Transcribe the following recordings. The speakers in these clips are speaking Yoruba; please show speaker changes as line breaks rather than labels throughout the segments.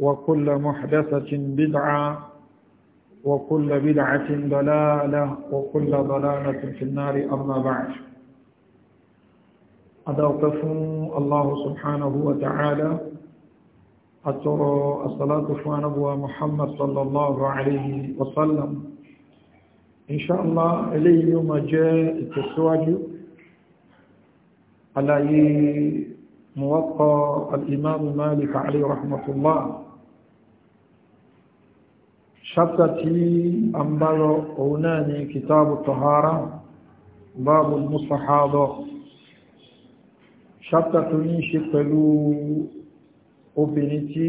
وكل محدثة بدعة وكل بدعة ضلالة وكل ضلالة في النار أما بعد أدوقف الله سبحانه وتعالى أترى الصلاة نبوة محمد صلى الله عليه وسلم إن شاء الله إليه يوم جاء التسواج على موقع الإمام مالك عليه رحمة الله ṣáptà tí a ń bá lọ òun náà ni kìtàbù tọ̀hárá báàbù mùsàhádọ́ ṣáptà tó ní ṣe pẹ̀lú obìnrin tí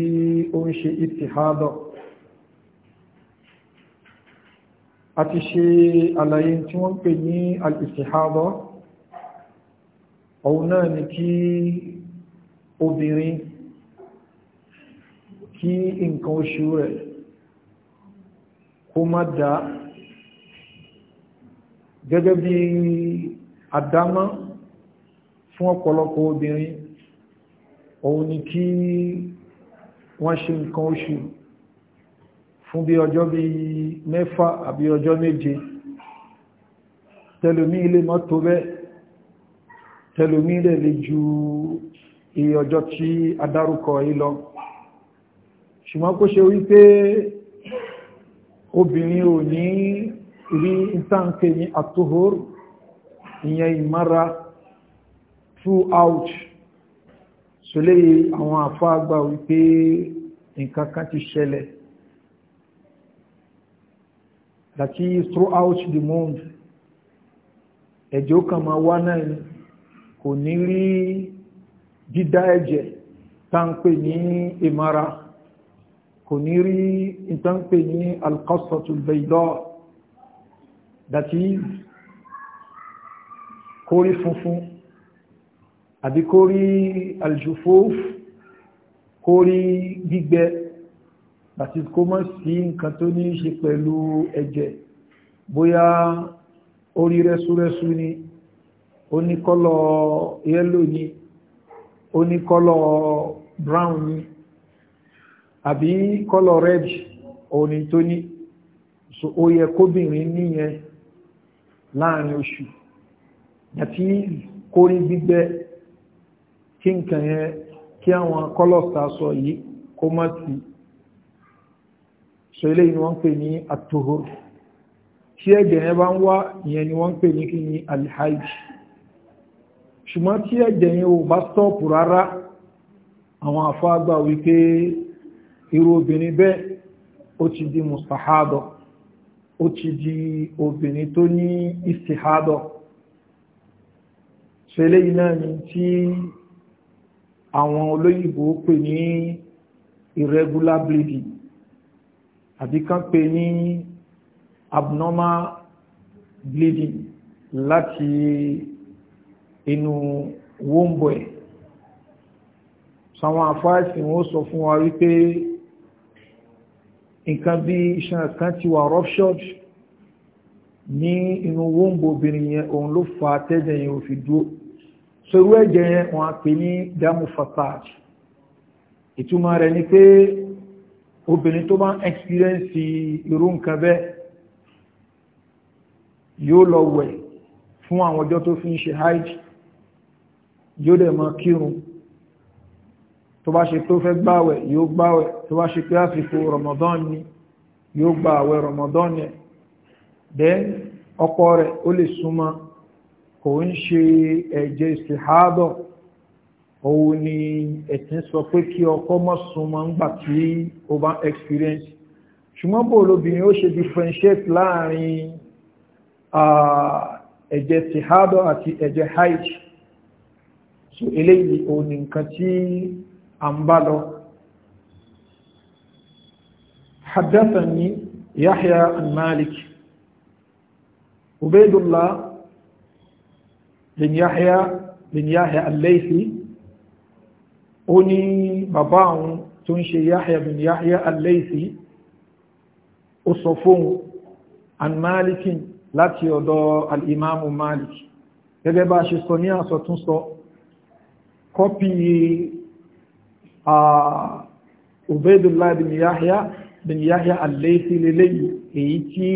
ó ń ṣe ìtìhádọ́ ti ṣe àlàyé tí wọ́n pè ni kí obìnrin kí nǹkan oṣù rẹ̀ kó má dá gẹ́gẹ́ bí àdámọ́ fún ọ̀pọ̀lọpọ̀ obìnrin òun ni kí wọ́n ṣe nǹkan oṣù fún bí ọjọ́ bí mẹ́fà àbí ọjọ́ méje tẹlomi ilé mọ́tò bẹ́ tẹlomi ilé lè ju iye ọjọ́ tí adárúkọ yìí lọ ṣùgbọ́n kó ṣe wípé obìnrin ò ní rí ìtànkè ní àtòhòrò ìyẹn ìmára throughout sólé àwọn àfáàgbà wípé nǹkan kan ti ṣẹlẹ̀ that throughout the month ẹ̀jẹ̀ ó kàn máa wá náà ni kò ní rí dídá ẹ̀jẹ̀ tá ní ìmára kò ní rí ìtànpè ní alkọ́sọ̀tù bẹ̀ìdọ́ that is kórí funfun àbí kórí aljufuf kórí gbígbẹ that is kó mọ́ sí nǹkan tó ní ṣe pẹ̀lú ẹ̀jẹ̀ bóyá orí rẹ́súrẹ́sú ni oníkọ́lọ̀ yẹ́lò ni oníkọ́lọ̀ brown ni àbí kọ́lọ̀ red òní tó ní so ó yẹ kóbìnrin níyẹn láàrin oṣù àti kórí gbígbẹ kí nǹkan yẹn kí àwọn kọ́lọ̀ sọ yìí kó so ni pè ní atohor tí ẹ̀jẹ̀ yẹn bá ń wá ìyẹn ni wọ́n pè ní kí alhaji ṣùgbọ́n tí yẹn ò bá stọ́ọ̀pù rárá irú obìnrin bẹ́ẹ̀ ó ti di mustahadọ̀ ó ti di obìnrin tó ní istihadọ̀ ṣẹlẹ̀ iná ni tí àwọn olóyìnbó pè ní irregular bleeding àbí kán pè ní abnormal bleeding láti inú wombo ẹ̀ sàwọn àfáàsì wọ́n sọ fún wa wípé nǹkan bí iṣan kan ti wà ruptured ní inú wọ́nbò obìnrin yẹn òun ló fa tẹ́jẹ̀ yẹn ò fi dúró ẹ̀jẹ̀ yẹn wọ́n pè ní damu fasad ìtumọ̀ rẹ̀ ni pé obìnrin tó bá ń experience irú nǹkan bẹ́ẹ̀ yóò lọ wẹ̀ fún àwọn ọjọ́ tó fi ń ṣe hajj yóò dẹ̀ máa kírun tó bá ṣe pé ó fẹ́ gbáwẹ̀ yóò gbáwẹ̀ tó bá ṣe pé àsìkò Ramadan ni yóò gba àwẹ̀ Ramadan ni. then ọkọ rẹ̀ ó lè súnmọ́ kò ń ṣe ẹ̀jẹ̀ ìsìnkáàbọ̀ òun ni ẹ̀sìn sọ pé kí ọkọ mọ́ súnmọ́ ńgbà tí ó bá experience ṣùgbọ́n bó lóbìnrin ó ṣe differentiate láàrin ẹ̀jẹ̀ ìsìnkáàbọ̀ àti ẹ̀jẹ̀ haid so eléyìí òun ni nǹkan tí أنبالو حدثني يحيى عن مالك عبيد الله بن يحيى بن يحيى الليثي أني باباهم تنشي يحيى بن يحيى الليثي أصفون عن مالك láti ọ̀dọ̀ al'imamu malik gẹ́gẹ́ bá ṣe sọ ní àsọtúnsọ kọ́pì Uh, Ubaydullah bin Yahya bin Yahya al-Laythi lélẹ́yìí èyí tí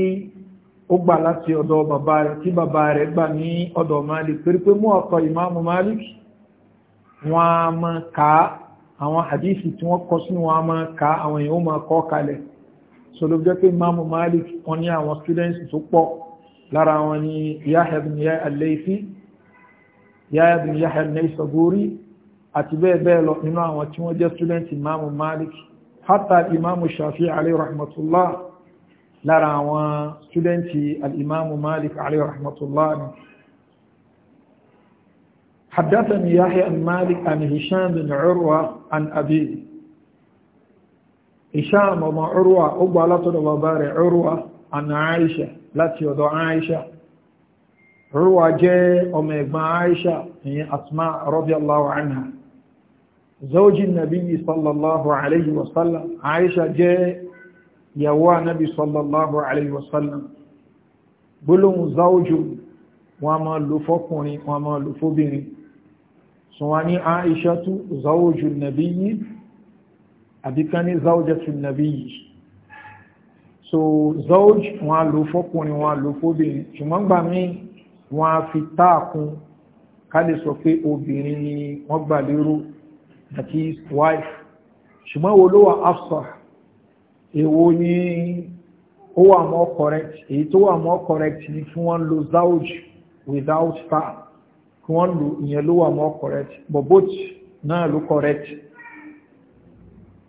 ó gbà láti ọ̀dọ̀ bàbá rẹ̀ tí bàbá rẹ̀ gbà ní ọ̀dọ̀ Malik torí pé mú ọ̀tọ̀ ìmáàmù Malik wọn a máa ka àwọn hadithi tí wọ́n kọ sínú wọn a máa ka àwọn èèyàn ó máa kọ́ kalẹ̀ so jẹ́ pé ìmáàmù Malik wọn ní àwọn students tó pọ̀ lára wọn ni Yahya bin Yahya al Yahya bin Yahya al-Naysaburi àti bẹ́ẹ̀ bẹ́ẹ̀ lọ nínú àwọn tí wọ́n jẹ́ student imamu malik hatta imamu shafi alayhi rahmatullah lára àwọn student al malik alayhi rahmatullah ni حدثني يحيى عن مالك عن هشام بن عروة عن أبيه هشام بن عروة أبو على بابار عروة عن عائشة láti ọ̀dọ̀ Aisha. Rúwa jẹ́ ọmọ ẹ̀gbọ́n Aisha, ìyẹn Asma radiyallahu anha zawjin nabi sallallahu alayhi wa sallam aisha jẹ́ ìyàwó anabi sallallahu alayhi wa sallam gbólóhùn zawju wọn máa lò fọ́kùnrin wọn máa lò fóbìnrin sùnwà ní aisha tú zawju nabi yìí àbíká ní zawjatu nabi yìí so zawj wọn lò fọ́kùnrin wọn lò fóbìnrin ṣùgbọ́n gbà míì wọn fi táàkùn ká lè sọ pé obìnrin ni wọ́n gbà lérò that his wife ṣùgbọ́n wo ló wà afsah èwo ni ó wà more correct èyí tó wà more correct ni kí wọ́n lo zawj without ta kí wọ́n lo ìyẹn ló wà more correct but both náà ló correct.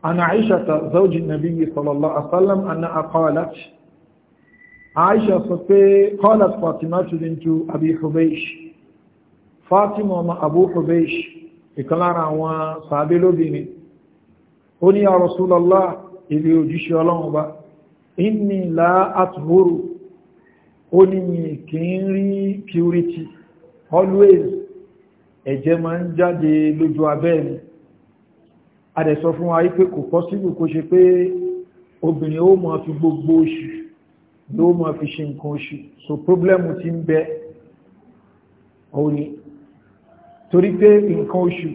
عن عائشة زوج النبي صلى الله عليه وسلم أنها قالت عائشة صفي قالت فاطمة بنت أبي حبيش فاطمة أبو حبيش ìkan lára àwọn sàábé lóbìnrin ó ní ya Rasulullah ilé òjíṣẹ́ ọlọ́run bá inni la athuru ó ní mi kì í rí purity always ẹ̀jẹ̀ máa ń jáde lójú abẹ́ mi a dẹ̀ sọ fún wa wípé kò possible kó ṣe pé obìnrin ó máa fi gbogbo oṣù ló máa fi ṣe nǹkan oṣù so problem ti ń bẹ òun ni torí pé nǹkan oṣù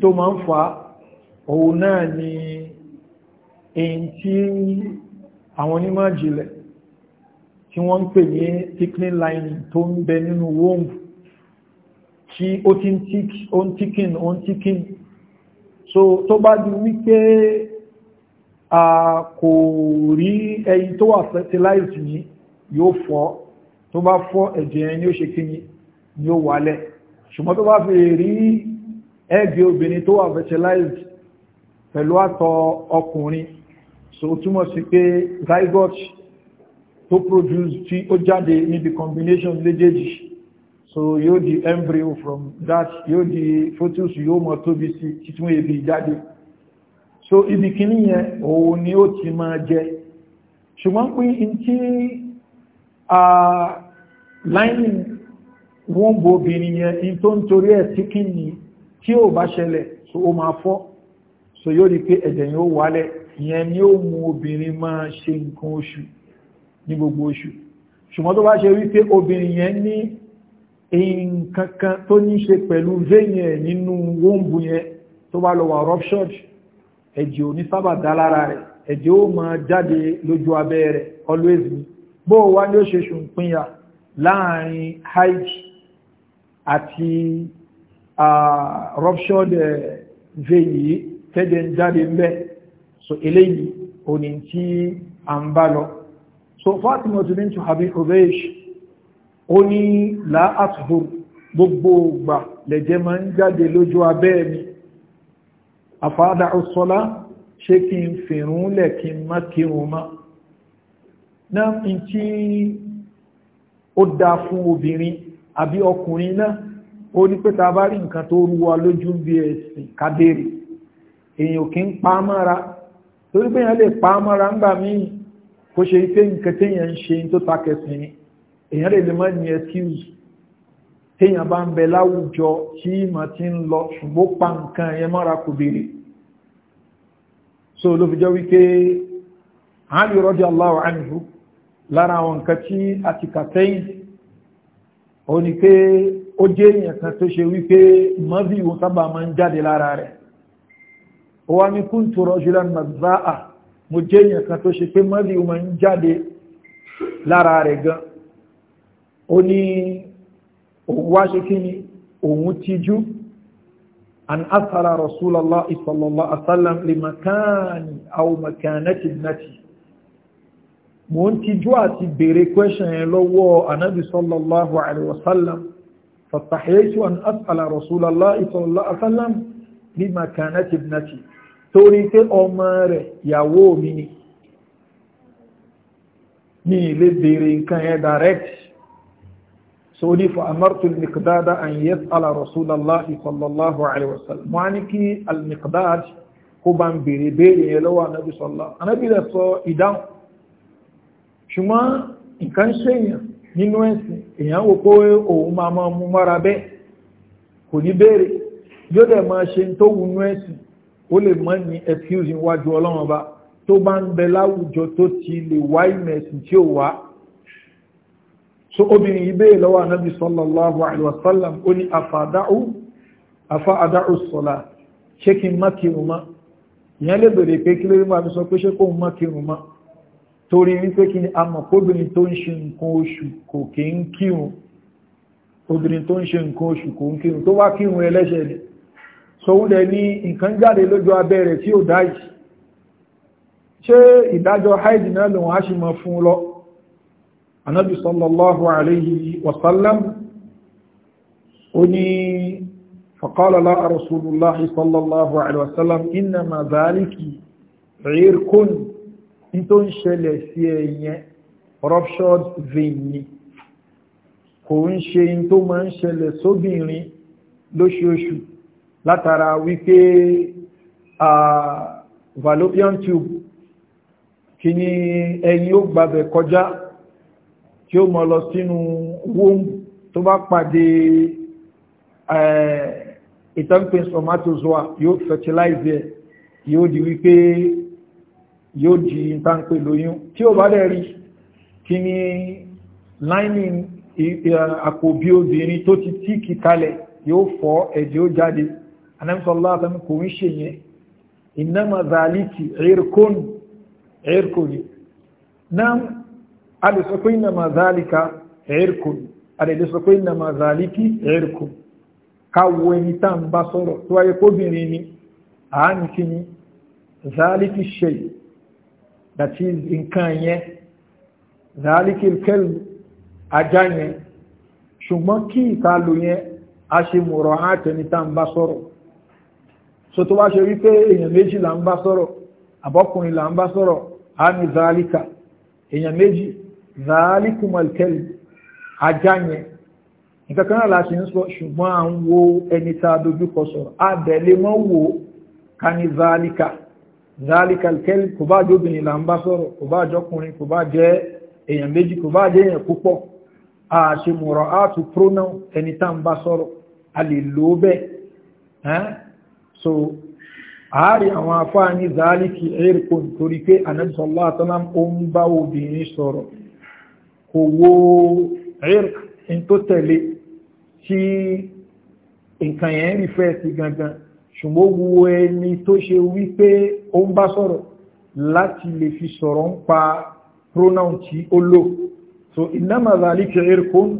tó máa ń fa òun náà ni èyí tí àwọn onímọ̀ jìnlẹ̀ tí wọ́n ń pè ní thickening lining tó ń bẹ nínú womb tí ó ti ń tick ó ń ticking ó ń ticking so tó bá di wípé a kò rí ẹyin tó wà fertilized yìí yóò fọ́ tó bá fọ́ ẹ̀jẹ̀ yẹn ni ó ṣe kí ni yóò wálẹ̀ ṣùgbọ́n tó bá fi rí ẹ́gbẹ́ obìnrin tó wà fertilized pẹ̀lú àtọ̀ ọkùnrin so túmọ̀ sí pé zygote tó produce tí ó jáde the combination léjèjì so yóò di embryo from that yóò di fetus yóò mọ̀ tóbi sí títún ebi jáde so ibi kìíní yẹn òun ni ó ti máa jẹ ṣùgbọ́n pín in tí ah, lining wọ́n bo obìnrin yẹn in tó ń torí ẹ̀ tí kí ní tí ó bá ṣẹlẹ̀ so ó máa fọ́ so yóò rí pé ẹ̀jẹ̀ yẹn ó wálẹ̀ ìyẹn ni ó mú obìnrin máa ṣe nǹkan oṣù ní gbogbo oṣù ṣùgbọ́n tó bá ṣe wípé obìnrin yẹn ní nǹkan kan tó ní ṣe pẹ̀lú vein nínú wọ́ǹbù yẹn tó bá lọ wà ruptured ẹ̀jẹ̀ ò ní sábà dá lára rẹ̀ ẹ̀jẹ̀ ó máa jáde lójú abẹ́ rẹ̀ always ni bó o wá ní ó ṣe ṣùnpínyà láàrin hajj àti ruptured eh, vein yìí tẹ́jẹ̀ ń jáde ń bẹ́ so eléyìí òní tí a ń bá lọ so Fatima tó bíntu Abi Hubaysh ó ní láàtùhùr gbogbo ògbà lẹ́jẹ̀ máa ń jáde lójú abẹ́ mi àfáàdà ọ̀sọ́lá ṣé kí n fìrún lẹ̀ kí n má kírun mọ́ náà ní tí ó dá fún obìnrin àbí ọkùnrin náà ó ní pé ta bá rí nǹkan tó rú lójú bí ẹ̀sìn kádèrè èèyàn kì ń pa á mọ́ra torí pé èèyàn lè pa á mọ́ra ńgbà míì kó ṣe pé nǹkan téèyàn ń ṣe tó takẹ̀sìn ni èèyàn lè lè má ní excuse téèyàn bá ń bẹ láwùjọ tí ìmọ̀ ti ń lọ ṣùgbọ́n pa nǹkan ẹ̀yẹ mọ́ra kò béèrè so ló fi jẹ́ wípé àárí rọ́jà Allahu anhu lára àwọn nǹkan tí a ti kà sẹ́yìn ó ní pé ó jẹ́ èèyàn kan tó ṣe wípé mọ́bí ìwọ̀n sábà máa ń jáde lára rẹ̀ ó wá ní kún tó rọ́júlá mazaa mo jẹ́ èèyàn kan tó ṣe pé mọ́bí ìwọ̀n máa ń jáde lára rẹ̀ gan ó ní wá ṣe kí ni òun tijú an asara rasulallah sallallahu alaihi wasallam li makani aw makanati ibnati mo ń tijú àti béèrè question yẹn lọ́wọ́ anabi sallallahu alayhi wa sallam fàtàhíyẹ́sù an asala rasulallah sallallahu alayhi wa sallam bí makanati ibnati torí pé ọmọ rẹ̀ ìyàwó mi ni ní ilé béèrè nǹkan yẹn direct so ní fa amartu al-miqdada an yas'ala rasulallah sallallahu alayhi wa sallam mo kí al-miqdad kó bá ń béèrè béèrè yẹn lọ́wọ́ anabi sallallahu alayhi wa sọ ìdáhùn ṣùgbọ́n nǹkan ṣe èèyàn nínú ẹ̀sìn èèyàn wò pé òun máa máa mú mọ́ra bẹ́ẹ̀ kò ní béèrè yóò dẹ̀ máa ṣe tó wù nú ẹ̀sìn ó lè mọ́ ní excuse níwájú ọlọ́run ọba tó bá ń bẹ láwùjọ tó ti lè wá ìmọ̀ ẹ̀sìn tí ó wà so obìnrin yìí béèrè lọ́wọ́ anábì sallallahu alaihi wasallam ó ní afa'ada'u afa'ada'u salat ṣé kí n má kírun mọ́ ìyẹn lè béèrè pé kí lórí máa fi sọ pé ṣé kóun má kírun mọ́ torí wípé kí ni a mọ̀ kóbìnrin tó ń ṣe nǹkan oṣù kò kí ń kírun obìnrin tó ń ṣe nǹkan oṣù kò ń kírun tó wá kírun ẹlẹ́ṣẹ̀ ni sọ́wọ́n dẹ̀ ní nǹkan jáde lójú abẹ́ rẹ̀ tí ò dá yìí ṣé ìdájọ́ haidi náà lòun á ṣe mọ̀ fún lọ anábì sallallahu alayhi wa sallam ó ní faqala la sallallahu alayhi wa sallam innama dhaliki irkun in tó ń ṣẹlẹ̀ sí ẹ̀yẹn ruptured vein ni kò ń ṣe in tó máa ń ṣẹlẹ̀ sóbìnrin lóṣooṣù látara wípé fallopian tube kí ni ẹyin ó gbàbẹ̀ kọjá tí ó mọ̀ lọ sínú womb tó bá pàdé ìtànpín somatozoa yóò fertilize ẹ̀ yóò di wípé yóò di táńpé lóyún tí ó bá dẹ̀ rí kí ni lining àpò bí obìnrin tó ti tí kì kalẹ̀ yóò fọ́ ẹ̀jẹ̀ ó jáde anamsọ́lá àtàmì kò ń ṣe yẹn ìnáma zàlìkì ẹ̀rkónì ẹ̀rkónì náà a lè sọ pé ìnáma zàlìkà ẹ̀rkónì a káwọ ẹni tá ń bá sọ̀rọ̀ tó wáyé kóbìnrin ni àá zaliki kí that is nǹkan yẹn zalikilkel ajá yẹn ṣùgbọ́n kí ìtàlù yẹn a ṣe mọ̀rọ̀ àtẹnita ń bá sọ̀rọ̀ so tó wá ṣe wípé èèyàn méjì là ń bá sọ̀rọ̀ àbọ́kùnrin là ń bá a ní zaalika èèyàn méjì zalikumalkel ajá yẹn nǹkan náà ṣe ń dojúkọ sọ̀rọ̀ a zalikal kò bá jóbìnrin là ń bá sọ̀rọ̀ kò bá jọkùnrin kò bá jẹ́ èèyàn méjì kò bá jẹ́ èèyàn púpọ̀ àṣemọ̀rọ̀ àtù pronoun ẹni tá ń bá sọ̀rọ̀ a lè lò ó bẹ́ẹ̀ so àárí àwọn afáà ní zálìkì aircon torí pé anẹ́bìsọ̀lá àtọ́lá ó ń bá obìnrin sọ̀rọ̀ kò wo aircon tó tẹ̀lé tí nǹkan yẹn rí fẹ́ sí gangan ṣùgbọ́n wo ẹni tó ṣe wípé ó ń bá sọ̀rọ̀ láti lè fi sọ̀rọ̀ ń pa pronoun tí ó lò so innama zalika irkun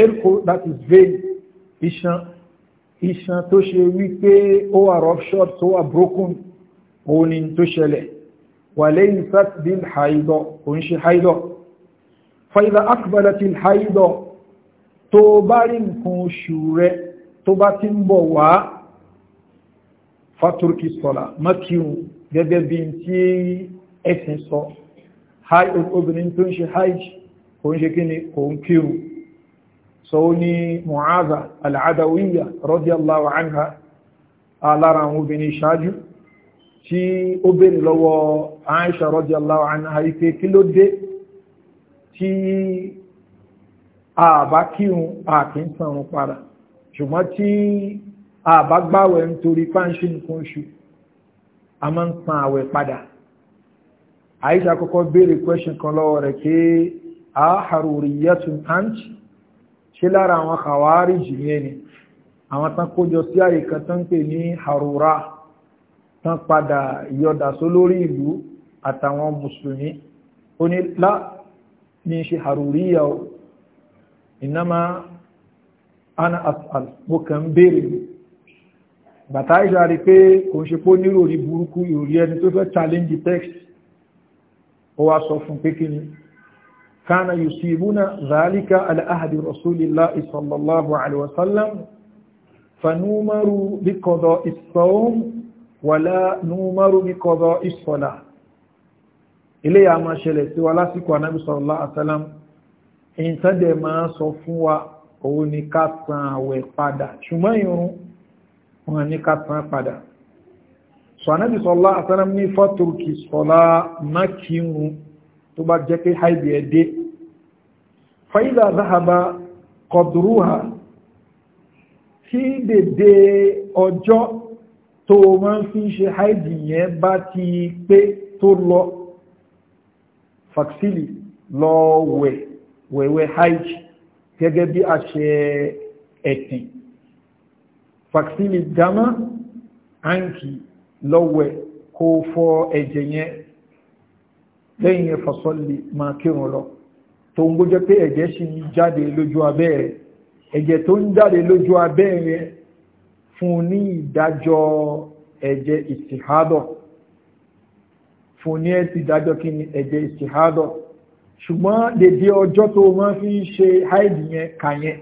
irkun that is vain iṣan iṣan tó ṣe wípé ó wà ruptured tó wà broken òun ni tó ṣẹlẹ̀ wà lẹ́yìn saturday haidọ̀ òun ṣe haidọ̀ fa idha haidọ̀ tó bá rí nǹkan oṣù rẹ tó bá ti ń bọ̀ wá fàtúrkì sọ́lá mọ́kíun gẹ́gẹ́ bí n tí ẹ̀sìn sọ obìnrin tó ń ṣe hajj kò ń ṣe kí ni kò ń kírun sọ ó ní mu'aza al'adawiyya radiyallahu anha alára àwọn obìnrin ṣáájú tí ó bèèrè lọ́wọ́ aisha radiyallahu anha ike kí ló dé tí a kírun a ń sanrun padà ṣùgbọ́n tí àbágbáwẹ̀ nítorí páńṣí nǹkan oṣù a máa ń san àwẹ̀ padà àìsà kọ́kọ́ béèrè question kan lọ́wọ́ rẹ̀ pé a haruriyatun ant ṣe lára àwọn kàwárí jìnyẹ́ ni àwọn tán kójọ sí àyè kan tán pè ní harura tán padà yọdà sólórí ìlú àtàwọn mùsùlùmí ó ní lá ní ṣe haruriya o ìnáma ana asal mo kàn ń béèrè bàtà ìṣà rí pé kò ń ṣe pó nílò rí burúkú ìròrí ẹni tó fẹ́ challenge text ó wá sọ fún pé kí ni kana yusibuna zalika al'ahadi rasulillah sallallahu alaihi wasallam fanumaru bikodo isawun wala numaru bikodo isola ilé yà máa ṣẹlẹ̀ sí wa lásìkò anábì sallallahu alaihi wasallam ìtàdẹ̀ máa sọ fún wa òun ni ká san àwẹ̀ padà ṣùgbọ́n ìrún wọn ní ká tán padà so anábì sọlá àtàrà ní fọ́tùrùkì sọlá mákìrún tó bá jẹ́ pé haidi ẹ̀dẹ́ fàídà záhàbá kọdùrúhà tí dèdè ọjọ́ tó máa fi ṣe haidi yẹn bá ti pé tó lọ fàksílì lọ wẹ̀wẹ̀ haidi gẹ́gẹ́ bí a ṣe ẹ̀tìn fàksílì dámá anki lọ́wẹ̀ kó fọ ẹ̀jẹ̀ yẹn lẹ́yìn yẹn fàṣọ́lì máa kírun lọ tó ń gbójọ́ pé ẹ̀jẹ̀ sì ń jáde lójú abẹ́ rẹ̀ ẹ̀jẹ̀ tó ń jáde lójú abẹ́ rẹ̀ fún ní ìdájọ́ ẹ̀jẹ̀ ìsìhádọ̀ fún ní ìdájọ́ kí ni ẹ̀jẹ̀ ìsìhádọ̀ ṣùgbọ́n dédé ọjọ́ tó máa fi ń ṣe háìdì yẹn kà yẹn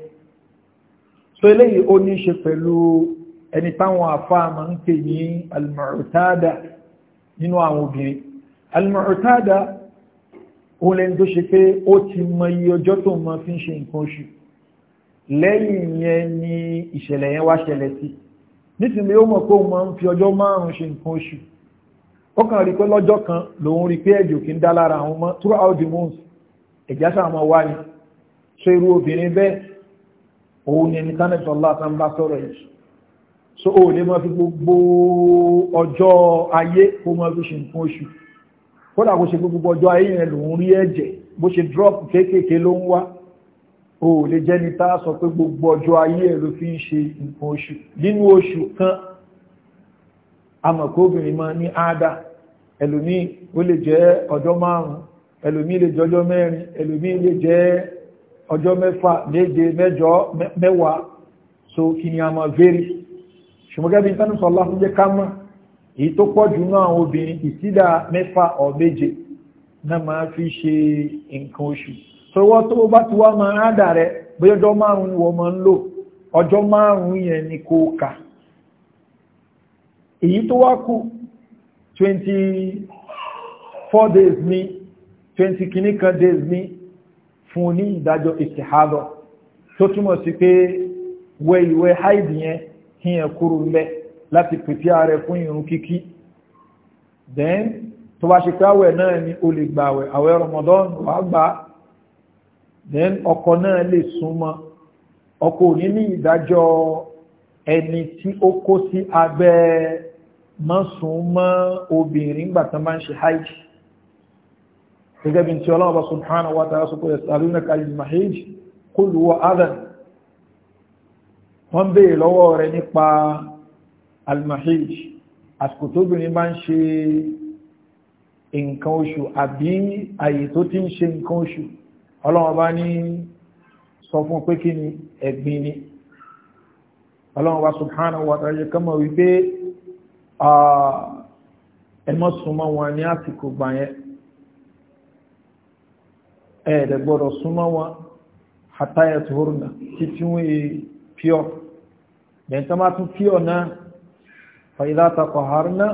so eléyìí ó ní ṣe pẹ̀lú ẹni táwọn àfáàmà ń pè ní almu'tada nínú àwọn obìnrin almu'tada òun lẹni tó ṣe pé ó ti mọ iye ọjọ́ tó mọ fi ń ṣe nǹkan oṣù lẹ́yìn yẹn ni ìṣẹ̀lẹ̀ yẹn wá ṣẹlẹ̀ sí nísìnyí ó mọ̀ pé òun máa ń fi ọjọ́ márùn-ún ṣe nǹkan oṣù ó kàn rí pé lọ́jọ́ kan lòun rí pé ẹ̀jẹ̀ òkè ń dá lára àwọn ọmọ throughout the month ẹ̀jẹ̀ sáà máa wá ṣe irú obìnrin bẹ́ẹ̀ òun ni ẹni tánẹ̀tì ọlọ́ta ń bá sọ̀rọ̀ yìí so o lè máa fi gbogbo ọjọ́ ayé kó máa fi ṣe nǹkan oṣù kódà kó ṣe gbogbo ọjọ́ ayé yẹn lòun rí ẹ̀jẹ̀ bó ṣe drop kéékèèké ló ń wá o lè jẹ́ ni tá a sọ pé gbogbo ọjọ́ ayé ẹ̀ ló fi ń ṣe nǹkan oṣù nínú oṣù kan amọ̀kóbìnrin máa ní áádá ẹlòmíì ó lè jẹ́ ọjọ́ márùn ẹlòmíì lè jẹ́ ọjọ́ mẹ́rin ẹlòmíì lè jẹ́ ọjọ́ mẹ́fà méje mẹ́jọ mẹ́wàá so kí ni a máa vary ṣùgbọ́n bí tánú sọ láfún jẹ́ ká mọ̀ èyí tó pọ̀ jù náà àwọn obìnrin ìsídà mẹ́fà ọ̀ méje náà máa fi ṣe nǹkan oṣù sọwọ́ tó bá ti wá máa rádà rẹ bóyá ọjọ́ márùn-ún wọ́n máa ń lò ọjọ́ márùn-ún yẹn ni kò kà èyí tó wá kù days ní twenty kìíní kan days ní fún ní ìdájọ́ ìtìhádọ̀ tó túmọ̀ sí pé wẹ ìwẹ̀ haidi yẹn kí yẹn kúrò lẹ láti pèpè ààrẹ fún irun kíkí then tó bá ṣe pé àwẹ̀ náà ni o lè gba àwẹ̀ àwẹ̀ Ramadan wàá gbà then ọkọ náà lè súnmọ́ ọkọ ò ní ní ìdájọ́ ẹni tí ó kó sí abẹ́ mọ́sùn obìnrin gbàtàn máa ń ṣe haidi gẹ́gẹ́ bí tí ọlọ́ọ̀bá subhanahu wa ta'ala sọpọ̀ ẹ̀sàlúnà kalil mahij qul huwa adhan wọ́n bèèrè lọ́wọ́ rẹ̀ nípa almahij àsìkò tóbìnrin bá ń ṣe nǹkan oṣù àbí àyè tó ti ń ṣe nǹkan oṣù ọlọ́ọ̀bá ní sọ fún pé kí ni ẹ̀gbin ni ọlọ́ọ̀bá subhanahu wa ta'ala kama wípé ẹmọ́sùnmọ́ wọn ní àsìkò gbà ẹ̀ẹ̀dẹ̀ gbọ́dọ̀ súnmọ́ wọn àtàyà tó hóró náà títí wọ́n yé pure yẹn tó máa tún pure náà fa idha taqaharna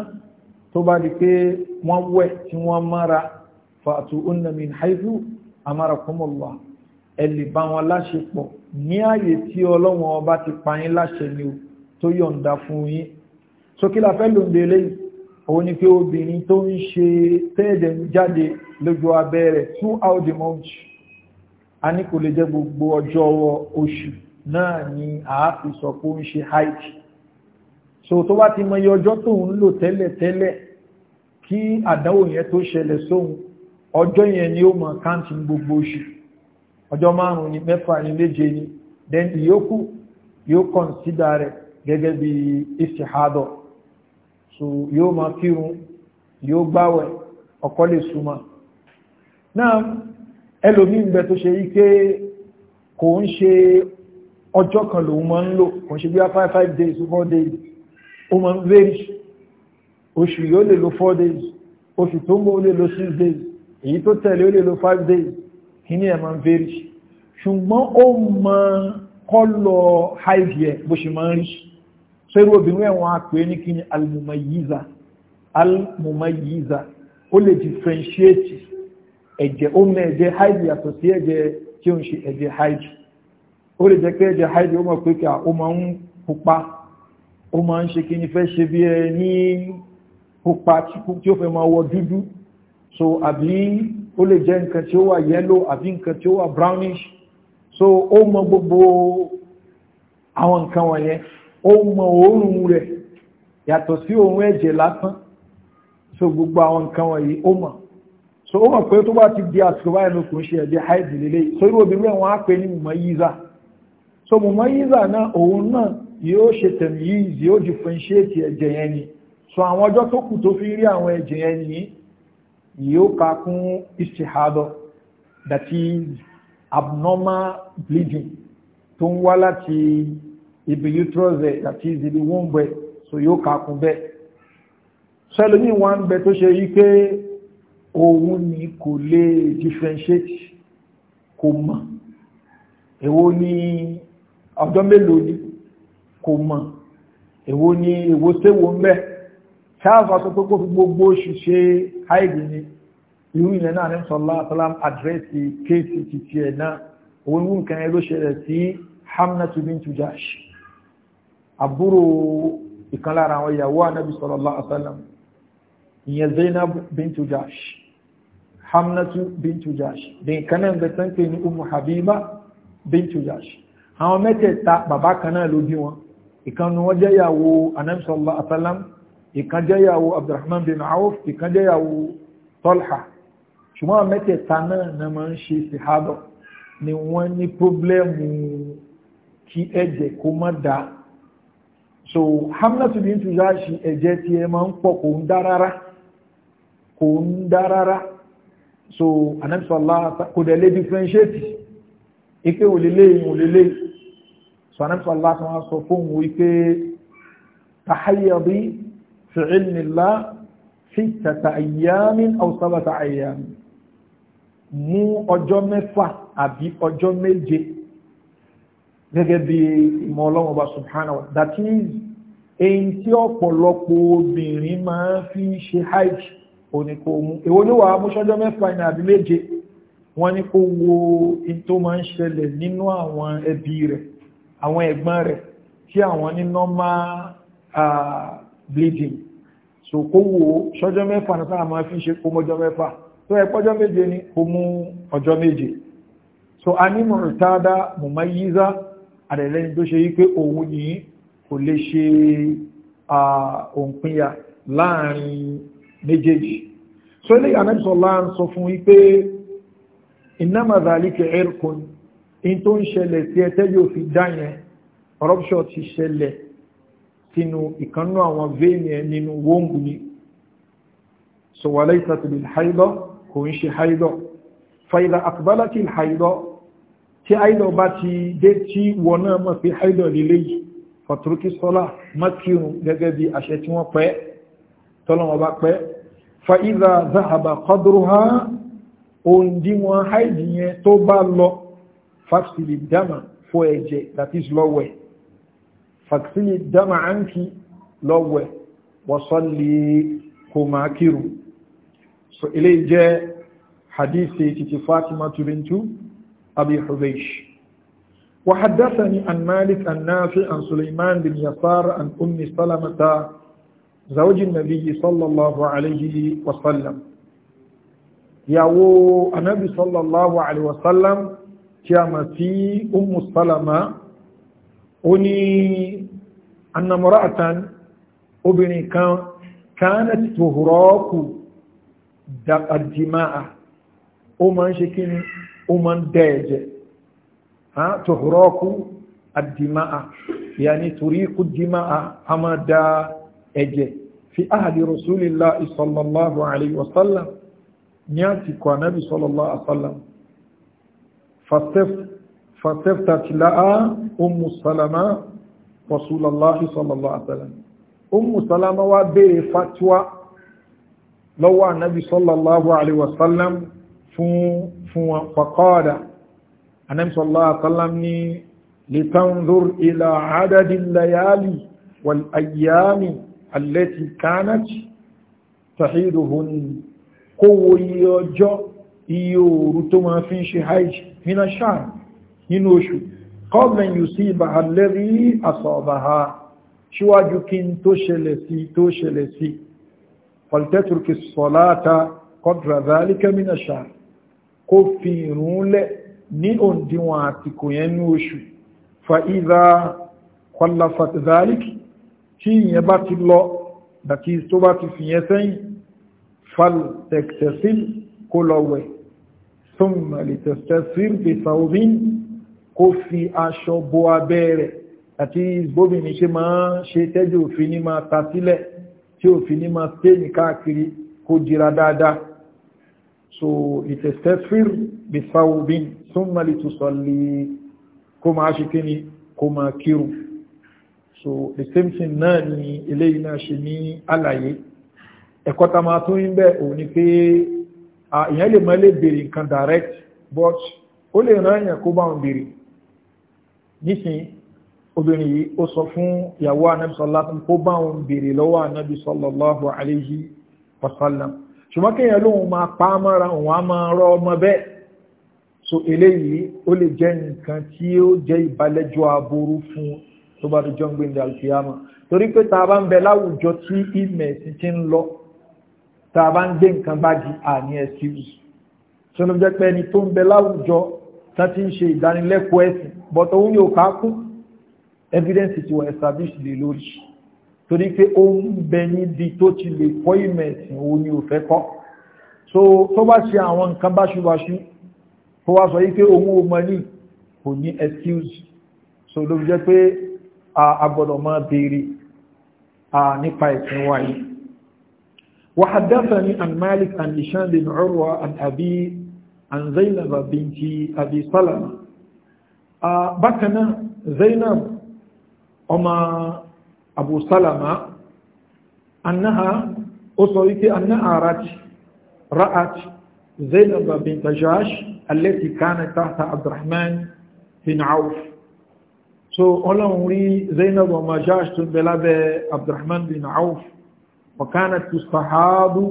tó bá di pé wọ́n wẹ̀ tí wọ́n mára fa'tuhunna min haythu amarakumullah ẹ lè bá wọn láṣepọ̀ ní ààyè tí ọlọ́wọ́n ọba ti pa yín láṣẹ ni o tó yọ̀ǹda fún yín sókè la fẹ́ lòǹde eléyìí òun ni pé obìnrin tó ń ṣe tẹ́ẹ̀dẹ̀ jáde lójú abẹ́ rẹ̀ throughout the month a ní kò lè jẹ́ gbogbo ọjọ́ oṣù náà ni àáfi sọ pé ó ń ṣe hajj so tó bá ti mọye ọjọ́ tó ń lò tẹ́lẹ̀ tẹ́lẹ̀ kí àdánwò yẹn tó ṣẹlẹ̀ sóhun ọjọ́ yẹn ni ó mọ̀ káǹtì gbogbo oṣù ọjọ́ márùn-ún ni mẹ́fà ni méje ni then ìyókù yóò kọ̀nsídà rẹ̀ gẹ́gẹ́ bí istihadọ̀ so yóò máa kírun yóò gbáwẹ̀ ọkọ lè súnmọ́ náà ẹlòmí ń bẹ tó ṣe ike kò ń ṣe ọjọ́ kan lòun máa ń lò kò ń ṣe bí i five days four days ó máa ń vary oṣù yóò lè lo four days oṣù tó ń lè lo six days èyí tó tẹ̀lé ó lè lo five days kíní ẹ̀ máa ń vary ṣùgbọ́n ó máa kọ́ lọ high gear bó ṣe máa ń rí ṣe so irú obìnrin ẹ̀wọ̀n á pè é ní kí ni almumayiza almumayiza ó lè differentiate ẹ̀jẹ̀ ó mẹ́ ẹ̀jẹ̀ haidi yàtọ̀ sí ẹ̀jẹ̀ tí ó ń ṣe ẹ̀jẹ̀ haidi ó lè jẹ́ pé ẹ̀jẹ̀ haidi ó mọ̀ pé kí ó máa ń pupa ó máa ń ṣe kí ni fẹ́ ṣe bí ẹ ní pupa tí ó fẹ́ máa wọ dúdú so àbí ó lè jẹ́ nǹkan tí ó wà yellow àbí nǹkan tí ó wà brownish so ó mọ gbogbo àwọn nǹkan wọ̀nyẹn ohun mọ̀ oòrùn rẹ̀ yàtọ̀ sí ohun ẹ̀jẹ̀ lásán so gbogbo àwọn nǹkan wọ̀nyí ó mọ̀ so ó mọ̀ pé tó bá ti di àsìkò báyìí ló kùn ṣe ẹ̀jẹ̀ haid lélẹ̀ so irú obìnrin wọn á pè ní mọ̀ yíza so mọ̀ yíza náà òun náà yóò ṣe tẹ̀mí yìí yóò differentiate ẹ̀jẹ̀ yẹn ni so àwọn ọjọ́ tó kù tó fi rí àwọn ẹ̀jẹ̀ yẹn ni yóò ka kún istihadọ that is abnormal bleeding tó ń wá láti ibi uterus ẹ̀ àti ìdìbí wọ́n bẹ̀ so yóò kàkún bẹ́ sẹ́lómi wọ́n ń bẹ tó ṣe yí pé òun ni kò lè differentiate kò mọ̀ èwo ni ọjọ́ mélòó ni kò mọ̀ èwo ni èwo séwo ń bẹ́ ṣáàfà tó tó kó fi gbogbo oṣù ṣe haidi ni irú ilẹ̀ náà ní sọ́lá àtàlám àdírẹ́sì kéèsì títí ẹ̀ náà òun nǹkan ẹ ló ṣẹlẹ̀ sí Hamnatu bintu Jahsh àbúrò ìkan lára àwọn ìyàwó anábì sallallahu alaihi wasallam ìyẹn zainab bintu jash hamnatu bintu jash dèyìn kan náà bẹ tán pé ní umu habiba bintu jash àwọn mẹ́tẹ̀ẹ̀ta bàbá kan náà ló bí wọn ìkan ni wọ́n jẹ́ ìyàwó anábì sallallahu alaihi wasallam ìkan jẹ́ ìyàwó abdurrahman bin auf ìkan jẹ́ ìyàwó tolha ṣùgbọ́n mẹ́tẹ̀ẹ̀ta náà na máa ń ṣe ni wọ́n ní pọ́blẹ́mù kí ẹ̀jẹ̀ kó má dáa so hamnatu bintu jashi ẹ̀jẹ̀ tí ẹ máa ń pọ̀ kò ń dá rárá kò ń dá rárá so anẹ́bísọ́lá kò dẹ̀ lé differentiate ike òlélé ìmòlélé so anẹ́bísọ́lá kan sọ fún òun wípé tahayyadi fi ilmillah sittata ayyamin aw sabata ayyamin mú ọjọ́ mẹ́fà àbí ọjọ́ méje gẹ́gẹ́ bí ìmọ̀ ọlọ́run ọba subhanahu wa that is èyí tí ọ̀pọ̀lọpọ̀ obìnrin máa fi ṣe hajj oníkó mú èwo ló wà amúṣọ́jọ́ mẹ́fà ní àbí méje wọ́n ní kó wo in tó máa ń ṣẹlẹ̀ nínú àwọn ẹbí rẹ̀ àwọn ẹ̀gbọ́n rẹ̀ tí àwọn ní normal bleeding so kó wo ṣọ́jọ́ mẹ́fà ní sáà máa fi ṣe kó mọ́jọ́ mẹ́fà tó ẹ pọ́jọ́ méje ni kó mú ọjọ́ méje so a ní mọ̀rùtádá mọ̀máyíza àrẹ̀lẹ́ni tó ṣe wípé òun ní kò lè ṣe òǹpinya láàrin méjèèjì so ilé àmẹ́sọ̀lá ń sọ fún wípé innama dhalika irkun in tó ń ṣẹlẹ̀ sí ẹtẹ́ yóò fi dá yẹn corruption ti ṣẹlẹ̀ sínú ìkannú àwọn veini ẹ nínú wóngù ni so walaysat bil haidọ́ kò ń ṣe haidọ́ fa idha aqbalatil tí àìdọ̀ bá ti dé tí wọ́n náà mọ̀ pé àìdọ̀ lílé yìí fọ̀tùrúkí sọ́lá mọ́kírùn gẹ́gẹ́ bí àṣẹ tí wọ́n pẹ́ tọ́lọ́wọ́ bá pẹ́ fa ìdá záhàbà kọ́dúrú ha ohun dí wọn àìdì yẹn tó bá lọ fàksìlì dámà fọ ẹ̀jẹ̀ that is lọ́wẹ̀ hadithi titi fatima tubintu أبي حبيش وحدثني عن مالك النافع عن سليمان بن يسار عن أم سلمة زوج النبي صلى الله عليه وسلم يعو النبي صلى الله عليه وسلم كامتي أم سلمة أني أن امرأة أبني كان كانت تهراك الدماء أمان شكين ó máa ń dẹ́ ẹ̀jẹ̀ tòhùrọ́kù àdìmáà yàní tòríkù dìmáà a máa dá ẹ̀jẹ̀ fi ahàdì rasulillah sallallahu alayhi wa sallam ní àsìkò ànábì sallallahu alayhi wa sallam فاستفتت لها أم سلمة رسول الله صلى الله عليه وسلم أم سلمة وبير فتوى لو النبي صلى الله عليه وسلم fún fún wọn pàkọ́ọ̀dà anẹ́mìsọ̀lá àkọ́lám ní litanzur ila adadi layali wal ayyami allati kanat tahiduhun kówó iye ọjọ́ iye òru tó máa fi ń ṣe hajj nínú ṣáà nínú oṣù kọ́bẹ̀n yìí sí ibà alẹ́rí àsọ̀ọ̀bàá ṣíwájú kí n tó ṣẹlẹ̀ sí tó ṣẹlẹ̀ sí faltẹ́tùrkì sọ̀láta kọ́dra zálíkẹ́ mínà ṣáà kó fi ìrún lẹ̀ ní òǹdíwọ̀n àtìkò yẹn ní oṣù fa ìdá kọlafat zalik tí ìyẹn bá ti lọ dàkí tó bá ti fi yẹn sẹ́yìn fal tẹ̀tẹ̀síl kó lọ wẹ̀ thumma li saubin kó fi aṣọ bo abẹ́ rẹ̀ àti bóbìnrin ṣe máa ṣe tẹ́jú òfin ní máa ta tí òfin ní máa tẹ́ ní káàkiri kó dira dáadáa so litastafir bi thawbin thumma litusalli kó máa ṣe kí ni kó so the same thing náà ni eléyìí náà ṣe ní àlàyé ẹ̀kọ́ ta máa tún ń bẹ̀ òun ni pé ìyẹn lè máa lè bèèrè nǹkan direct but ó lè rán èèyàn kó bá wọn bèèrè nísìnyí obìnrin yìí ó sọ fún ìyàwó anabi sallallahu kó bá wọn bèèrè lọ́wọ́ anabi sallallahu alaihi wasallam ṣùgbọ́n kí èèyàn lóhun máa so eléyìí ó lè jẹ́ nǹkan tí ó jẹ́ ìbálẹ́jọ́ aburú fún tó bá dojọ́ ń gbé ní alkiyama torí pé tá a bá ń bẹ láwùjọ tí ìmẹ̀ sí ti ń lọ tá a bá ń gbé nǹkan bá excuse tó ló jẹ́ pé ẹni tó ń bẹ láwùjọ tá ti ń ṣe ìdánilẹ́kọ̀ọ́ ẹ̀sìn bọ́tọ̀ òun yóò ká evidence ti wà established lè lórí torí pé ó ń bẹ níbi tó ti lè kọ́ ìmẹ̀sìn òun ni ò fẹ́ kọ́ so tó bá ṣe àwọn nǹkan báṣubàṣu kó wá sọ wípé òun ò mọ̀ ní kò ní excuse so ló fi jẹ́ pé a gbọ́dọ̀ béèrè nípa ìsìn wa yìí وحدثني عن مالك عن هشام بن عروة عن أبي عن زينب بنت أبي سلمة بكنا زينب أما أبو سلمة أنها أصلت أن أرات رأت زينب بنت جاش التي كانت تحت عبد الرحمن بن عوف so ọlọ́run rí zainab wa majash tó bẹ abdurrahman bin auf fakana tustahabu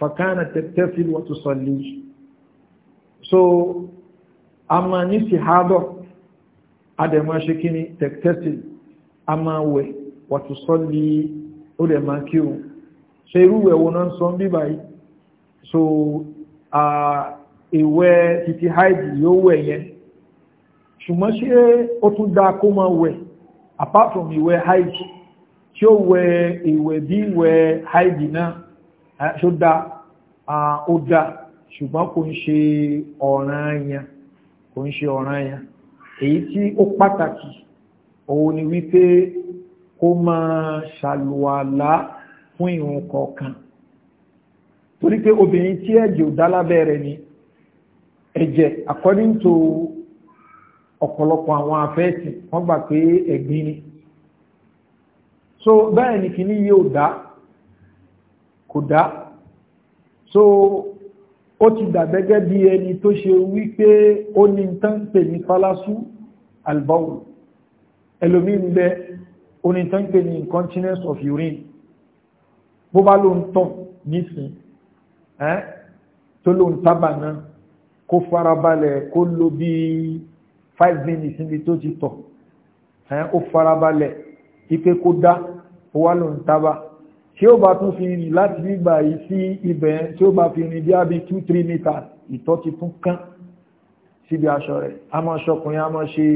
fakana tẹ̀tẹ̀fil wa tusalli so a ma ní sihadọ̀ adẹ̀mọ́ ṣe kí ni tẹ̀tẹ̀fil wẹ̀ wàtúsọ́lì ó dẹ̀ máa kírun ṣe irú ẹ̀wọ̀n náà ń sọ bí báyìí so ìwẹ̀ títí haid yóò wẹ̀ yẹn ṣùgbọ́n ṣe ó tún dáa kó máa wẹ̀ apart from ìwẹ̀ haid tí ó wẹ̀ ìwẹ̀ bí ìwẹ̀ haid náà ṣó dáa ó dáa ṣùgbọ́n kò ń ṣe ọ̀ranyàn kò ń ṣe ọ̀ranyàn èyí tí ó pàtàkì òun ni wípé kó máa ṣàlùwàlá fún ìrun kọ̀ọ̀kan torí pé obìnrin tí ẹ̀jẹ̀ ò dá ni ẹ̀jẹ̀ according to ọ̀pọ̀lọpọ̀ àwọn afẹ́ẹ̀sì wọ́n gbà pé ẹ̀gbin ni so bẹ́ẹ̀ ni kìíní yìí ò dá kò dá so ó ti dà gẹ́gẹ́ bí ẹni tó ṣe wípé ó ní tán pè ní fálású albáwò ẹlòmí ń onítànkè ní incontinence of urine bó bá ló ń tọ̀ nísìn ẹ́ tó ló ń tábà náà kó farabalẹ̀ kó five minutes níbi tó ti tọ̀ ẹ́ ó farabalẹ̀ ike kó dá ó wá ló ń tábà tí ó bá tún fi rìn láti gbígbà yìí sí ibẹ̀ tí ó bá fi rìn bí abi two three meters ìtọ̀ ti tún kán síbi aṣọ rẹ̀ a máa ṣọkùnrin a ṣe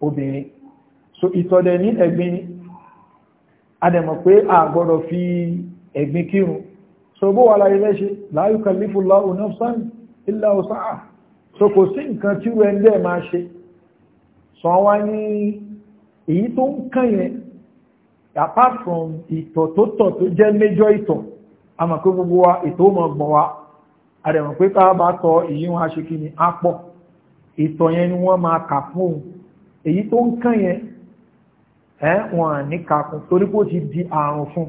obìnrin so ìtọ̀dẹ̀ ní ẹ̀gbin ni adẹ̀mọ̀ pé a gbọ́dọ̀ fi ẹ̀gbin kírun so bó wà láyé lẹ́ṣe la yukallifu Allahu nafsan illa wus'aha so kò sí nǹkan tí rẹ̀ ń apart from ìtọ̀ tó tọ̀ tó jẹ́ méjọ́ ìtọ̀ a mọ̀ pé gbogbo wa ìtọ̀ èyí wọn a kí ni a pọ̀ ìtọ̀ yẹn ni wọ́n máa kà fún òun èyí tó ń kàn yẹn ẹ́ wọn ní kakùn torí kó ti di àrùn fún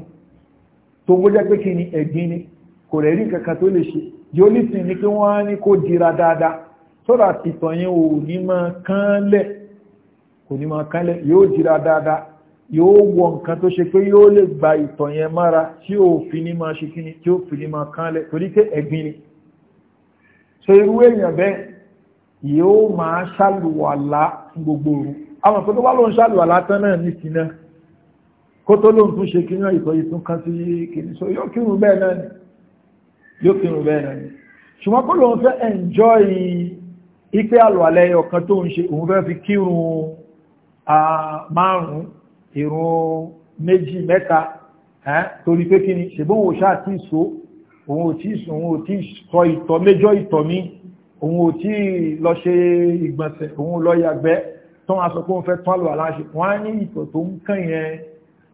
tó ń pé kí ni ẹ̀gbin ni kò rẹ̀ rí kankan tó lè ṣe yóò ní ni kí wọ́n á ní kó dira dáadáa sọ́dà tìtọ̀ yẹn ò ní máa kò ní máa yóò dira dáadáa yóò wọ nǹkan tó ṣe pé gba ìtọ̀ yẹn mára tí ò fi ní máa ṣe kíni tí fi ní máa kánlẹ̀ torí pé so irú èèyàn yóò máa ṣàlùwàlá gbogbo òru àwọn kó tó wá ló ń ṣàlùwà látán náà ní kìnnà kó tó ló ń tún ṣe kìnnà ìtọ̀ ìtún kan sí kìnnì so yóò kírun bẹ́ẹ̀ náà ni yóò kírun bẹ́ẹ̀ náà ni ṣùgbọ́n kó ló ń fẹ́ enjoy ipe àlùwàlẹ̀ ọ̀kan tó ń ṣe òun fẹ́ fi kírun márùn-ún ìrun méjì mẹ́ta torí pé kí ni ṣègbọ́n òun ṣáà tí ì so òun ò tí ì sọ ìtọ̀ méjọ́ ìtọ̀ mi òun ò tí ì lọ ṣe ìgbọ̀nsẹ̀ òun lọ yàgbẹ́ tó wọ́n sọ pé wọ́n fẹ́ tọ́lù aláṣẹ wọ́n á ní ìtọ̀ tó ń kàn yẹn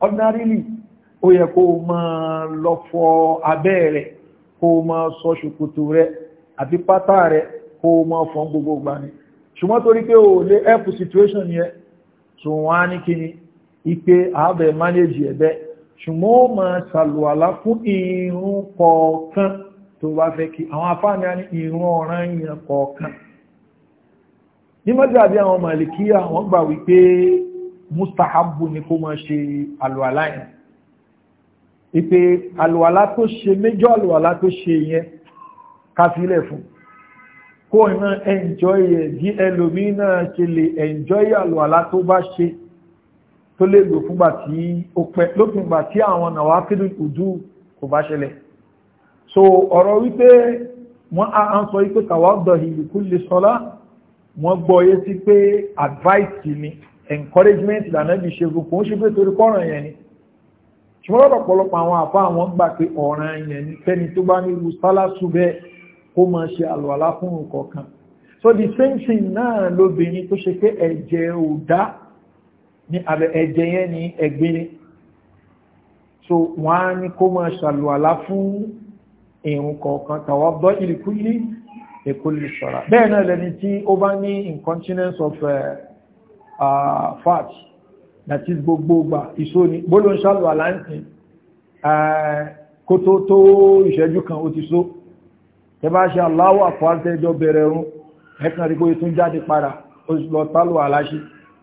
ordinarily ó yẹ kó o máa lọ fọ abẹ́ rẹ̀ kó o máa sọ ṣòkòtò rẹ̀ àti pátá rẹ̀ kó o máa fọ gbogbo gbà ṣùgbọ́n torí pé o lè help situation yẹn tó wọ́n á ní kíni ipe ààbẹ̀ manage ẹ̀bẹ́ ṣùgbọ́n ó máa ṣàlùwàlá fún irun kọ̀ọ̀kan tó bá fẹ́ kí àwọn afáàní irun ọ̀ràn yẹn kọ̀ọ̀kan ní mọ́sàbí àwọn màlìkíyà wọ́n gbà wípé mustahabu ni kó máa ṣe alùwàlá yẹn ìpè alùwàlá tó ṣe méjọ́ alùwàlá tó ṣe yẹn kásílẹ̀ fún kó iná ẹ̀njọ́ yẹ bí ẹlòmí náà ṣe lè ẹ̀njọ́ yẹ alùwàlá tó bá ṣe tó lè lò fúngbà tí ó pẹ́ lópingbà tí àwọn nàwá kéde ojú kò bá ṣẹlẹ̀ so ọ̀rọ̀ wípé wọ́n á ń sọ wípé kàwá dọ̀hìn ìlú lè sọlá wọ́n gbọ́ yé sí pé advice ni encouragement lànà bí ṣe fún kòun ṣe pé torí kọ́ràn yẹn ni ṣùgbọ́n lọ́dọ̀ pọ̀lọpọ̀ àwọn àfa àwọn gbà pé ọ̀ràn yẹn ni fẹ́ni tó bá ní irú sálásù bẹ́ẹ̀ kó máa ṣe àlùwàlá fún nǹkan so the same thing náà lóbìnrin tó ṣe pé ẹ̀jẹ̀ ò dá ní abẹ ẹ̀jẹ̀ yẹn ní ẹ̀gbin so wọ́n á ní kó máa ṣàlùwàlá fún ìrùn kọ̀ọ̀kan tàwọn bọ́ ìlú kúlí ekulli sọ́ra bẹ́ẹ̀ náà lẹni tí ó bá ní incontinence of uh, uh, fat that is gbogbogbà ìsóni bóló ń ṣàlù àláǹtì eh, kó tó tó ìṣẹ́jú kan ó ti só ẹ bá ṣe aláwọ̀ àpọ̀ártẹ́jọ́ bẹ̀rẹ̀ rún ẹ̀kan rí kóyẹ tún jáde padà ó lọ tálù àláṣí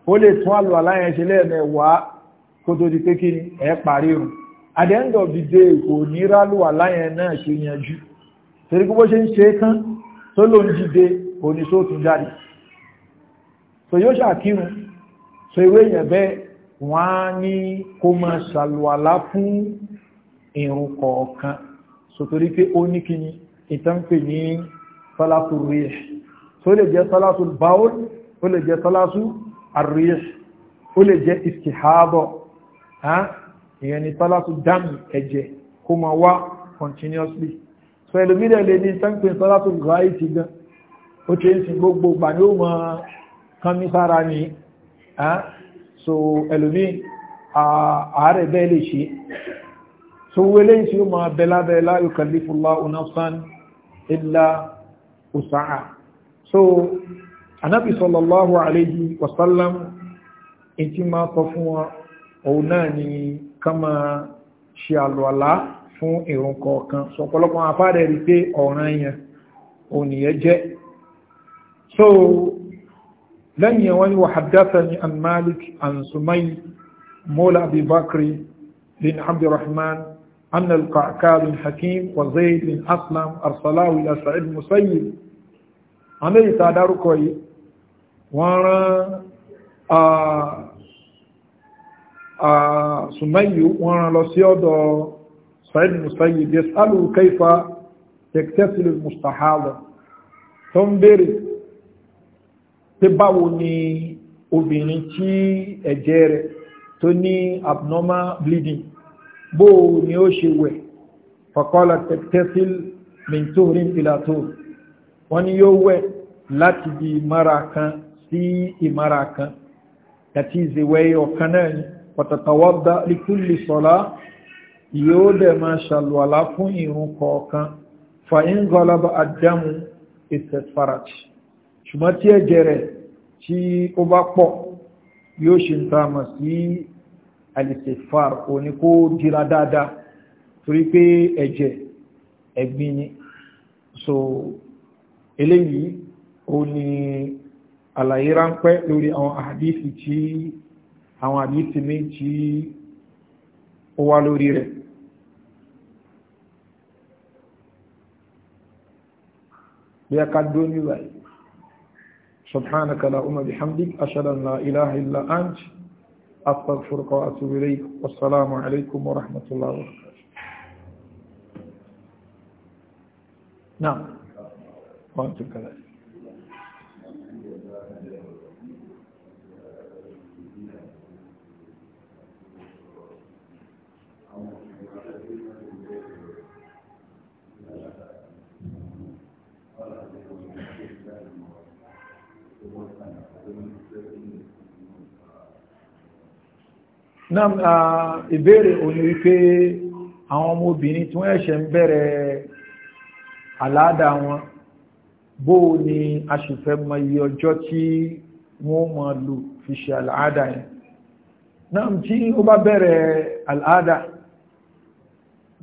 ó lè tún àlù àláyẹn ṣe lẹ́ẹ̀mẹ́wàá kó tó di pé kí ni ẹ̀ parí rùn at the end of the day kò ní rálù àláyẹn náà ṣe yanjú torí kó bó ṣe ń ṣe tán tó ló ń jíde òní tó tún jáde so yóò ṣàkírun so ìwé èèyàn bẹ́ẹ̀ wọ́n á ní kó máa ṣàlùwàlá fún ìrun kọ̀ọ̀kan so torí pé ó ní kí ni ìtànpè ní sálátù ríẹ̀ so ó lè jẹ́ sálátù báwọ́l ó lè jẹ́ sálátù àríẹ̀ ó lè jẹ́ ìsìhábọ̀ ìyẹn ni sálátù dámì ẹ̀jẹ̀ kó máa wá continuously sọ ẹlòmílẹ̀ lè ní sáńpẹ̀ sọ́látò gáì ti gan ó ṣe ń sin gbogbo gbà ní ó mọ kánmi sára ni so ẹlòmí ààrẹ bẹ́ẹ̀ lè ṣe so wọlé tí ó máa bẹ́lábẹ́lá yukallifullah nafsan illa usaha so anábì sallallahu alayhi wa sallam in ti máa sọ fún wọn òun náà ni kama ṣe àlọ́lá fún ìrun kọ̀ọ̀kan sọ̀pọ̀lọpọ̀ afárẹ̀ rí pé ọ̀ràn yẹn ònìyẹ jẹ́ so lẹ́yìn yẹn wọ́n ni wàhàdásani an malik an sumay mola abibakri bin abdurrahman أن القعقاع بن حكيم وزيد بن أسلم أرسلاه إلى سعيد المسيب àmì ìtàdárúkọ yìí wọ́n rán ṣùmẹ́yìí wọ́n rán lọ sí ọ̀dọ̀ سعيد المسيب يسأله كيف يكتسل المستحاضة tó ń béèrè pé báwo ni obìnrin tí ẹ̀jẹ̀ rẹ̀ tó ní abnormal bleeding bó ni ó ṣe wẹ̀ faqala tẹ̀tẹ́síl mintorin ìlàtò wọ́n ni yóò wẹ̀ láti di ìmára kan sí ìmára kan àti ìzèwẹ̀ ọ̀kan náà ni pàtàkì wọ́n dá likulli sọ́lá yóò dẹ̀ máa ṣàlùwàlá fún ìrun kọ̀ọ̀kan fàyín gọlọ́bà àdámù ìtẹ̀fàràtì ṣùgbọ́n tí ẹ̀jẹ̀ rẹ̀ tí ó bá pọ̀ yóò ṣe ń tààmà sí alìsẹ̀fàr òní kó dira dáadáa torí pé ẹ̀jẹ̀ ẹ̀gbin ni so eléyìí ó ní àlàyé ráńpẹ́ lórí àwọn àdífì tí àwọn àdífì méjì ó wá lórí rẹ̀ bí a ká dó ní láì subhanaka allahumma bihamdik ashhadu an la ilaha illa ant astaghfiruka wa atubu ilayk wassalamu alaykum wa rahmatullahi wa barakatuh نعم وانتم كذلك náà ìbéèrè òní wípé àwọn ọmọ obìnrin tí wọ́n ẹ̀ṣẹ̀ ń bẹ̀rẹ̀ àláàdà wọn bó ni a sì fẹ́ mọ iye ọjọ́ tí wọ́n mọ̀ lò fi ṣe àláàdà yẹn náà tí ó bá bẹ̀rẹ̀ àláàdà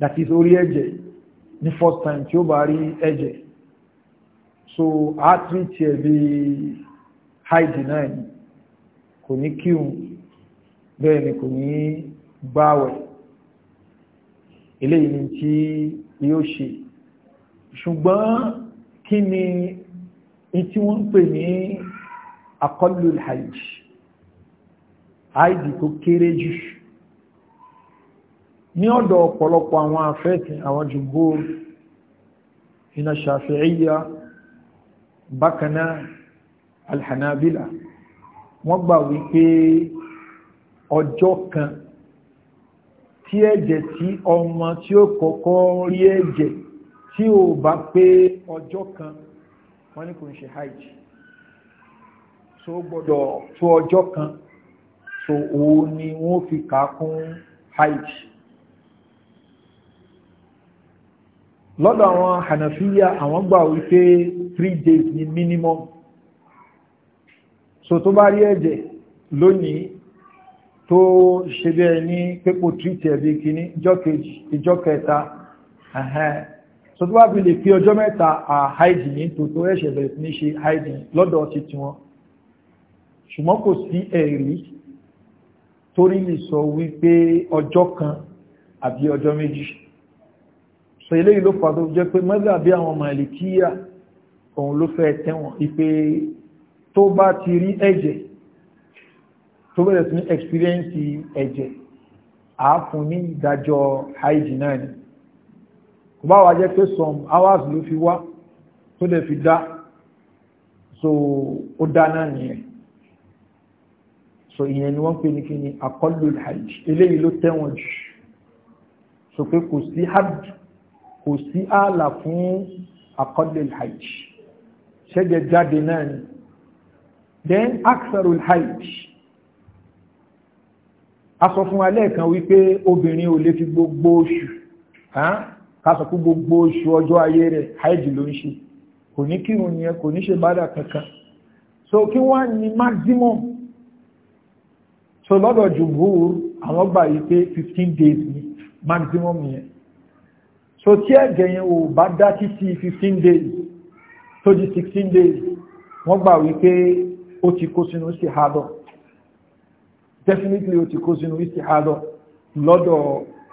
that is orí ẹ̀jẹ̀ ní first time tí ó bá rí ẹ̀jẹ̀ so a treat ẹ̀ bí hygiene náà kò ní kírun bẹ́ẹ̀ ni kò ní gbáwẹ̀ eléyìí ni tí yóò ṣe ṣùgbọ́n kí ni tí wọ́n ń pè ní akọlù hajj àìdì tó kéré jù ní ọ̀dọ̀ ọ̀pọ̀lọpọ̀ àwọn afẹ́ẹ̀tì àwọn jùgbó iná ṣàfihíyà bákanáà alhanabila wọ́n gbà wípé ọjọ́ kan tí ẹ̀jẹ̀ tí ọmọ tí ó kọ́kọ́ rí ẹ̀jẹ̀ tí ò bá pé ọjọ́ kan wọ́n ní kò ń ṣe hajj so gbọ́dọ̀ tó ọjọ́ kan so òun ni wọ́n fi kà kún hajj lọ́dọ̀ àwọn hànàfíyà àwọn gbà wípé three days ni minimum so tó bá rí ẹ̀jẹ̀ lónìí tó ṣe bí ẹni pépò tríìtì ẹ̀bí kìíní ìjọ kejì ìjọ kẹta so tó bá fi lè pé ọjọ́ mẹ́ta à haidi ní tòótọ́ ẹ̀ṣẹ̀ bẹ̀rẹ̀ sí ní ṣe haidi lọ́dọ̀ ti tiwọn ṣùgbọ́n kò sí ẹ̀rí torí lè sọ wípé ọjọ́ kan àbí ọjọ́ méjì so eléyìí ló fà tó jẹ́ pé mẹ́lẹ̀ àbí àwọn màlìkíyà òun ló fẹ́ tẹ́wọ̀n ipe tó bá ti rí ẹ̀jẹ̀ tó bẹ̀rẹ̀ sí ní ẹ̀xpíríẹ́ǹsì ẹ̀jẹ̀ àáfún ní ìdájọ́ haiji náà ni kò bá wà jẹ́ pé some hours ló fi wá tó lè fi dá so ó dá náà nìyẹn so ìyẹn ni wọ́n pè ní kí ni àkọlù haiji eléyìí ló tẹ́wọ̀n jù so pé kò sí hajj kò sí ààlà fún àkọlù haiji ṣẹ́jẹ̀ jáde náà ni then aksarul haiji a sọ fún alẹ́ẹ̀kan wípé obìnrin ò lè fi gbogbo oṣù ká sọ fún gbogbo oṣù ọjọ́ ayé rẹ̀ haidi ló ń ṣe kò ní kírun yẹn kò ní ṣe bádà kankan so kí wọ́n ní maximum so lọ́dọ̀ jùmúhùr àwọn gbà yìí pé fifteen days ni maximum yẹn so tí ẹ̀jẹ̀ yẹn ò bá dá títí fifteen days tó di sixteen days wọ́n gbà wípé ó ti kó sínú sí hadọ̀ definitely ó ti kó sínú istihadọ lọ́dọ̀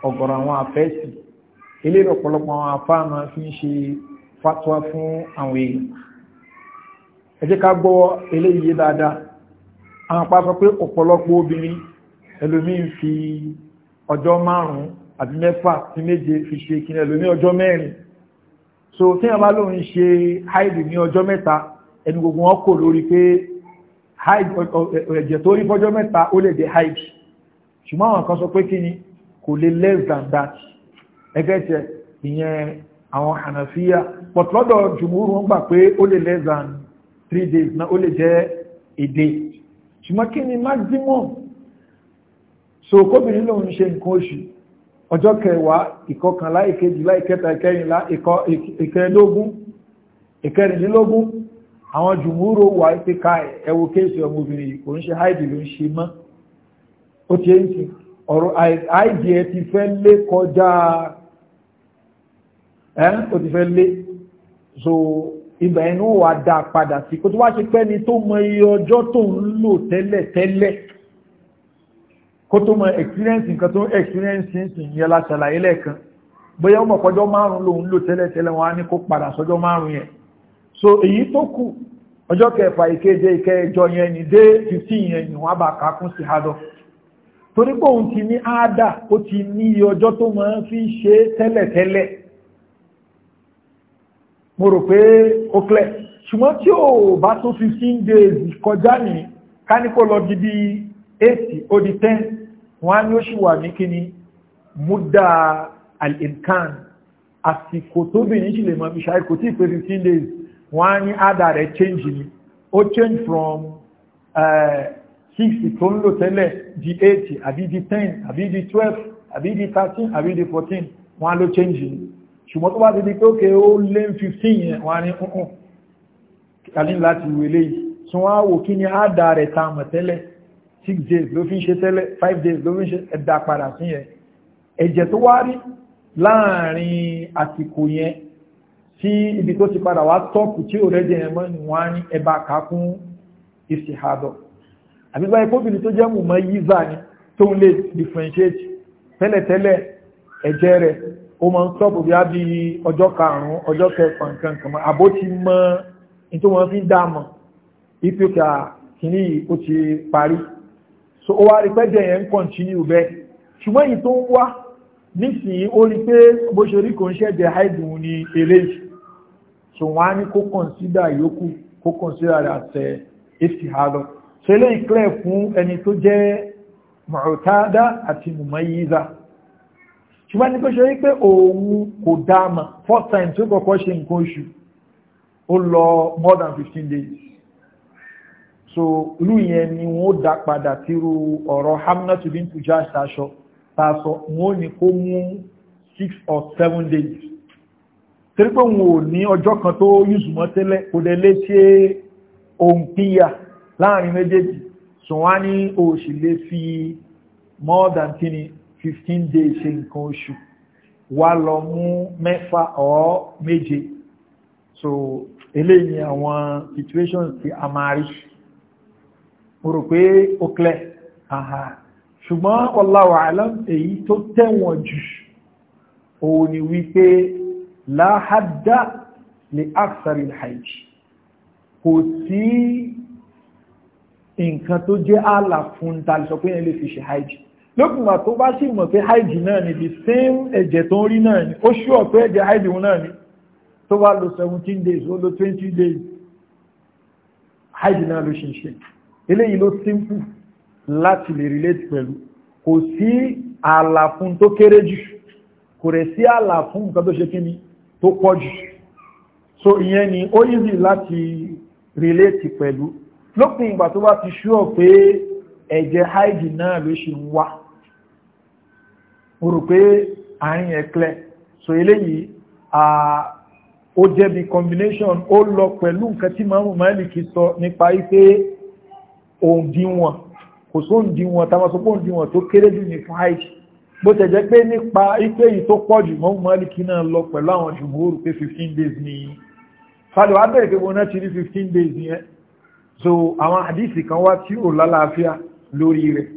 ọ̀gọ̀rọ̀ àwọn afẹ́sì eléyìí ọ̀pọ̀lọpọ̀ àwọn afá máa fi ń ṣe fatwa fún àwọn èèyàn ẹ jẹ́ ká gbọ́ eléyìí dáadáa àwọn apá sọ pé ọ̀pọ̀lọpọ̀ obìnrin ẹlòmíín fi ọjọ́ márùn-ún àti mẹ́fà sí méje fi ṣe kí ẹlòmíín ọjọ́ mẹ́rin so tí wọ́n bá lóun ṣe háìlì ní ọjọ́ mẹ́ta ẹni gbogbo wọn kò lórí pé ẹ̀jẹ̀ tó rí fọ́jọ́ mẹ́ta ó lè dé haid ṣùgbọ́n àwọn kan sọ pé kí ni kò lè less than that ẹgbẹ́ ìyẹn àwọn hànàfíà but lọ́dọ̀ jùmúrù ń gbà pé ó lè less than three days na ó lè jẹ́ èdè ṣùgbọ́n kí ni maximum so kóbìnrin lòun ṣe nǹkan oṣù ọjọ́ kẹwàá ìkọkànlá ìkejìlá ìkẹta ìkẹrìnlá ìkẹẹ̀ẹ́dógún ìkẹrìndínlógún àwọn jùmúrò wà pé ká ẹwọ kéèsì ọmọbìnrin kò ń ṣe haidi ló ń ṣe mọ́ ó ti ń sin ọ̀rọ̀ haidi ẹ ti fẹ́ lé kọjá ẹ́ ó ti fẹ́ lé so ibẹ̀ inú wà dáa padà sí kó tó wá ṣe pẹ́ ni tó mọ iye ọjọ́ tó ń lò tẹ́lẹ̀ tẹ́lẹ̀ kó tó mọ experience nǹkan tó experience ń sìn yẹn la ṣàlàyé lẹ́ẹ̀kan bóyá ọmọ kọjọ́ márùn-ún lòun lò tẹ́lẹ̀ tẹ́lẹ̀ wọn á ní kó padà sọjọ́ márùn-ún yẹn so èyí tó kù ọjọ́ kẹfà ìkéde ìkẹjọ yẹn ni dé 15 yẹn ni wọ́n bá kakún sí adọ́ torí pé òun ti ní áádà ó ti ní iye ọjọ́ tó máa fi ṣe tẹ́lẹ̀tẹ́lẹ̀ mo rò pé ó clear ṣùgbọ́n tí ó bá tó 15 days kọjá ní káníkó lọ di bí 8 ó di 10 wọ́n á ní ó ṣì wà ní kíni múdà al-imkan àsìkò tóbi ní ṣì lè fi ṣàìkò tí ìpè 15 days wọ́n á ní ádà rẹ̀ change ni ó change from eh, six tó ń lò tẹ́lẹ̀ di eight àbí di ten àbí di twelve àbí di thirteen àbí di fourteen wọ́n á ló change ni ṣùgbọ́n tó bá ti di pé ókè ó lé fifteen yẹn wọ́n á ní nǹkan kàní láti wèlé yìí tí wọ́n á wò kí ni ádà rẹ̀ ta mọ̀ tẹ́lẹ̀ six days ló fi ń ṣe tẹ́lẹ̀ five days ló fi ń ṣe ẹ̀dá padà sí yẹn ẹ̀jẹ̀ tó wá rí láàrin àsìkò yẹn tí ibi tó ti padà wá tọ́pù tí ò rẹ́jẹ ẹ̀mọ́ ni wọ́n á ní ẹba kàákún ìsìhádọ̀ àbíbá ikóbìnrin tó jẹ́ mùmọ́ yíza ni tó ń lè differentiate tẹ́lẹ̀tẹ́lẹ̀ ẹ̀jẹ̀ rẹ̀ ó máa ń tọ́pù bí á bí ọjọ́ karùn-ún ọjọ́ kẹfà nǹkan kan mọ́ àbó ti mọ ní tó wọ́n fi ń dáàmọ̀ so ó wá continue bẹ́ẹ̀ ṣùgbọ́n èyí tó ń wá nísìnyí ó rí pé bó ṣe rí kò ń ṣẹ̀jẹ̀ haidùn ni eléyìí so wọ́n á ní kó kọ̀nsídà yòókù kó kọ̀nsídà rẹ̀ àtẹ ìfìhàlọ́ so ilé ìkílẹ̀ fún ẹni tó jẹ́ mu'tada àti mumayyiza ṣùgbọ́n ní kó ṣe wípé òun kò dáama first time tí ó kọ́kọ́ ṣe nǹkan oṣù ó lọ more than fifteen days so ìlú yẹn ni wọ́n dá padà tírú ọ̀rọ̀ hamnatu bintu jashasọ tá a wọ́n ní kó mú six or seven days torí pé wọn ò ní ọjọ́ kan tó yùsùmọ́ tẹ́lẹ̀ kò dẹ̀ lé ṣe ohun láàrin méjèèjì so ní oṣù lè fi more than kini 15 days ṣe nǹkan oṣù wá lọ mú mẹ́fà ọ́ méje so eléyìí ni àwọn situations ti a máa rí mo rò pé ó clear ṣùgbọ́n wallahu alam èyí tó tẹ̀wọ̀n jù òun ni wípé láhádá lè áksàrí hajj kò sí nǹkan tó jẹ́ ààlà fún tàbísọ pé yẹn lè fi ṣe hajj lókùnmà tó bá sì mọ̀ pé hajj náà ni the same ẹ̀jẹ̀ tó ń rí náà ni ó ṣúọ̀ pé ẹ̀jẹ̀ hajj wọn náà ni tó bá lo 17 days ó lo 20 days hajj náà ló ṣe ń ṣe eléyìí ló simple láti lè relate pẹ̀lú kò sí ààlà fún tó kéré jù kò rẹ̀ sí ààlà fún nǹkan tó ṣe kí ni tó pọ̀jù so ìyẹn ni ó yìí láti relate pẹ̀lú lópin ìgbà tó bá ti ṣúọ̀ pé ẹ̀jẹ̀ haidi náà ló ṣe ń wá mo rò pé àárín ẹ̀klẹ̀ so eléyìí ó jẹ́bi combination ó lọ pẹ̀lú nǹkan tí Imam Málìkì sọ nípa ipé òǹdíwọ̀n kò sóǹdíwọ̀n tàbí òǹdíwọ̀n tó kéré jù ní fún haidi bó tẹ̀jẹ́ pé nípa ipé yìí tó pọ̀ jù mọ́mú mọ́lìkì náà lọ pẹ̀lú àwọn jùmúhùrù pé 15 days ni fàdọ̀ abẹ́rẹ̀ pé wọ́n ti rí 15 days yẹn so àwọn àdísì kan wá tí ò lálàáfíà lórí rẹ̀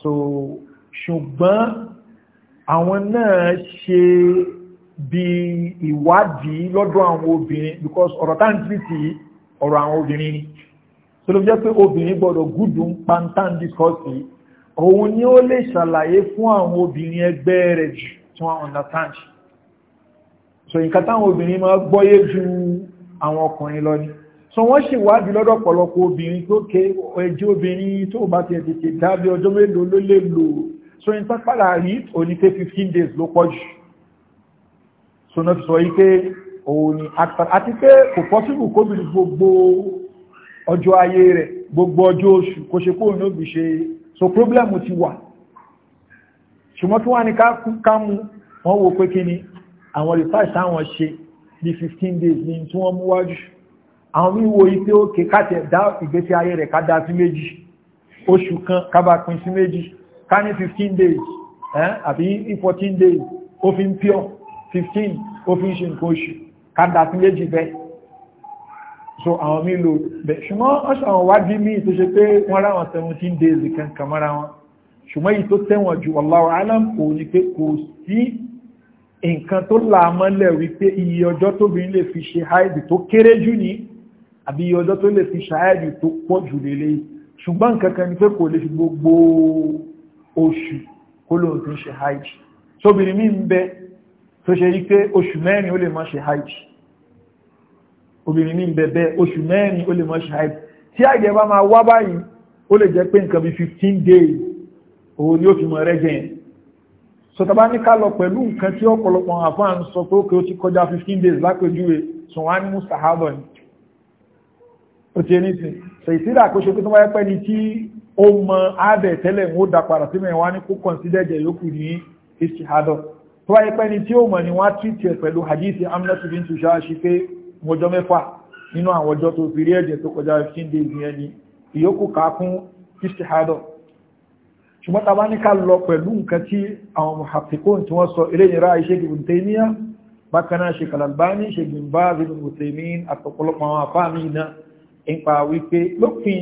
so ṣùgbọ́n àwọn náà ṣe bí ìwádìí lọ́dọ̀ àwọn obìnrin because ọ̀rọ̀ táǹtìrìtì ọ̀rọ̀ àwọn obìnrin ni so ló fi jẹ́ pé obìnrin gbọ́dọ̀ gúdùn pantan discourse yìí òun ni ó lè ṣàlàyé fún àwọn obìnrin ẹgbẹ́ rẹ̀ jù tí wọ́n understand so nǹkan táwọn obìnrin máa gbọ́yé ju àwọn ọkùnrin lọ ni so wọ́n sì wádìí lọ́dọ̀ pọ̀lọpọ̀ obìnrin tó ké ẹjẹ́ obìnrin tó bá ti ẹ̀tẹ̀tẹ̀ dábí ọjọ́ mélòó ló lè lò so in pápára rí òní pé 15 days ló pọ̀ jù so náà fi sọ yí pé òun ni àti pé kò pọ́sílù kóbìnrin gbogbo ọjọ́ ayé rẹ̀ gbogbo ọjọ́ oṣù kò ṣe kóòrùn ó bì so problem ti wà ṣùgbọ́n tí wọ́n ní ká mú wọ́n wo pé kí ni àwọn research táwọn ṣe ní 15 days ní tí wọ́n mú wájú àwọn mí wo ipé òkè káti ẹ̀dá ìgbésí ayé rẹ̀ ká dá sí méjì oṣù kan kábà pín sí méjì ká ní 15 days àbí 14 days ó fi ń pure 15 ó fi ń ṣe nǹkan oṣù ká dá sí méjì bẹ́ẹ̀ so àwọn mi lò bẹ̀ ṣùgbọ́n ọ̀ṣọ́ àwọn wádìí mi tó ṣe pé wọ́n ráwọn 17 days kan kàmára wọn ṣùgbọ́n yìí tó tẹ́wọ̀n ju wallahu alam kò ní pé kò sí nǹkan tó làmọ́lẹ̀ wípé iye ọjọ́ tóbi lè fi ṣe haidi tó kéré jù ní àbí iye ọjọ́ tó lè fi ṣe haidi tó pọ̀ jù lélẹ̀ ṣùgbọ́n nǹkan ni pé kò lè fi gbogbo oṣù kó lóun tó ṣe haidi tóbi ní mí ń bẹ tó ṣe rí pé oṣù mẹ́rin ó lè má ṣe haidi obìnrin ní bẹ̀bẹ̀ oṣù mẹ́rin ó lè mọ́ ṣáìd tí àìjẹ́ bá máa wá báyìí ó lè jẹ́ pé nǹkan bí 15 days òun ni ó fi mọ̀ rẹ́jẹ̀ yẹn sọtaba ní ká lọ pẹ̀lú nǹkan tí ọ̀pọ̀lọpọ̀ àfáà ń sọ pé ó kè ti kọjá 15 days lápèjúwe sùn wá ní mustahaba ni ó ti ní sìn ṣe ìsídà kó ṣe pé tó wáyé pẹ́ ni tí ó mọ ààbẹ̀ tẹ́lẹ̀ ń ó da padà sí mẹ́rin wá ní kó kọ̀nsídẹ̀jẹ̀ yókù ní istihadọ̀ tó wáyé pẹ́ ni tí ó mọ̀ ni wọ́n á tìtì ẹ̀ pẹ̀lú hadith amnesty bin tushah ṣe pé mọ́jọ́ mẹ́fà nínú àwọn ọjọ́ tó fi rí ẹ̀jẹ̀ tó kọjá 15 days yẹn ni ìyókù ká fún istihadọ̀ ṣùgbọ́n ta bá ní ká lọ pẹ̀lú nǹkan tí àwọn muhafikun tí wọ́n sọ eléyìnra iṣẹ́ ibn Taymiya bákaná Sheikh Al-Albani Sheikh Bin Baz Ibn Uthaymeen àtọ̀pọ̀lọpọ̀ àwọn àfáàmì iná nípa wípé lópin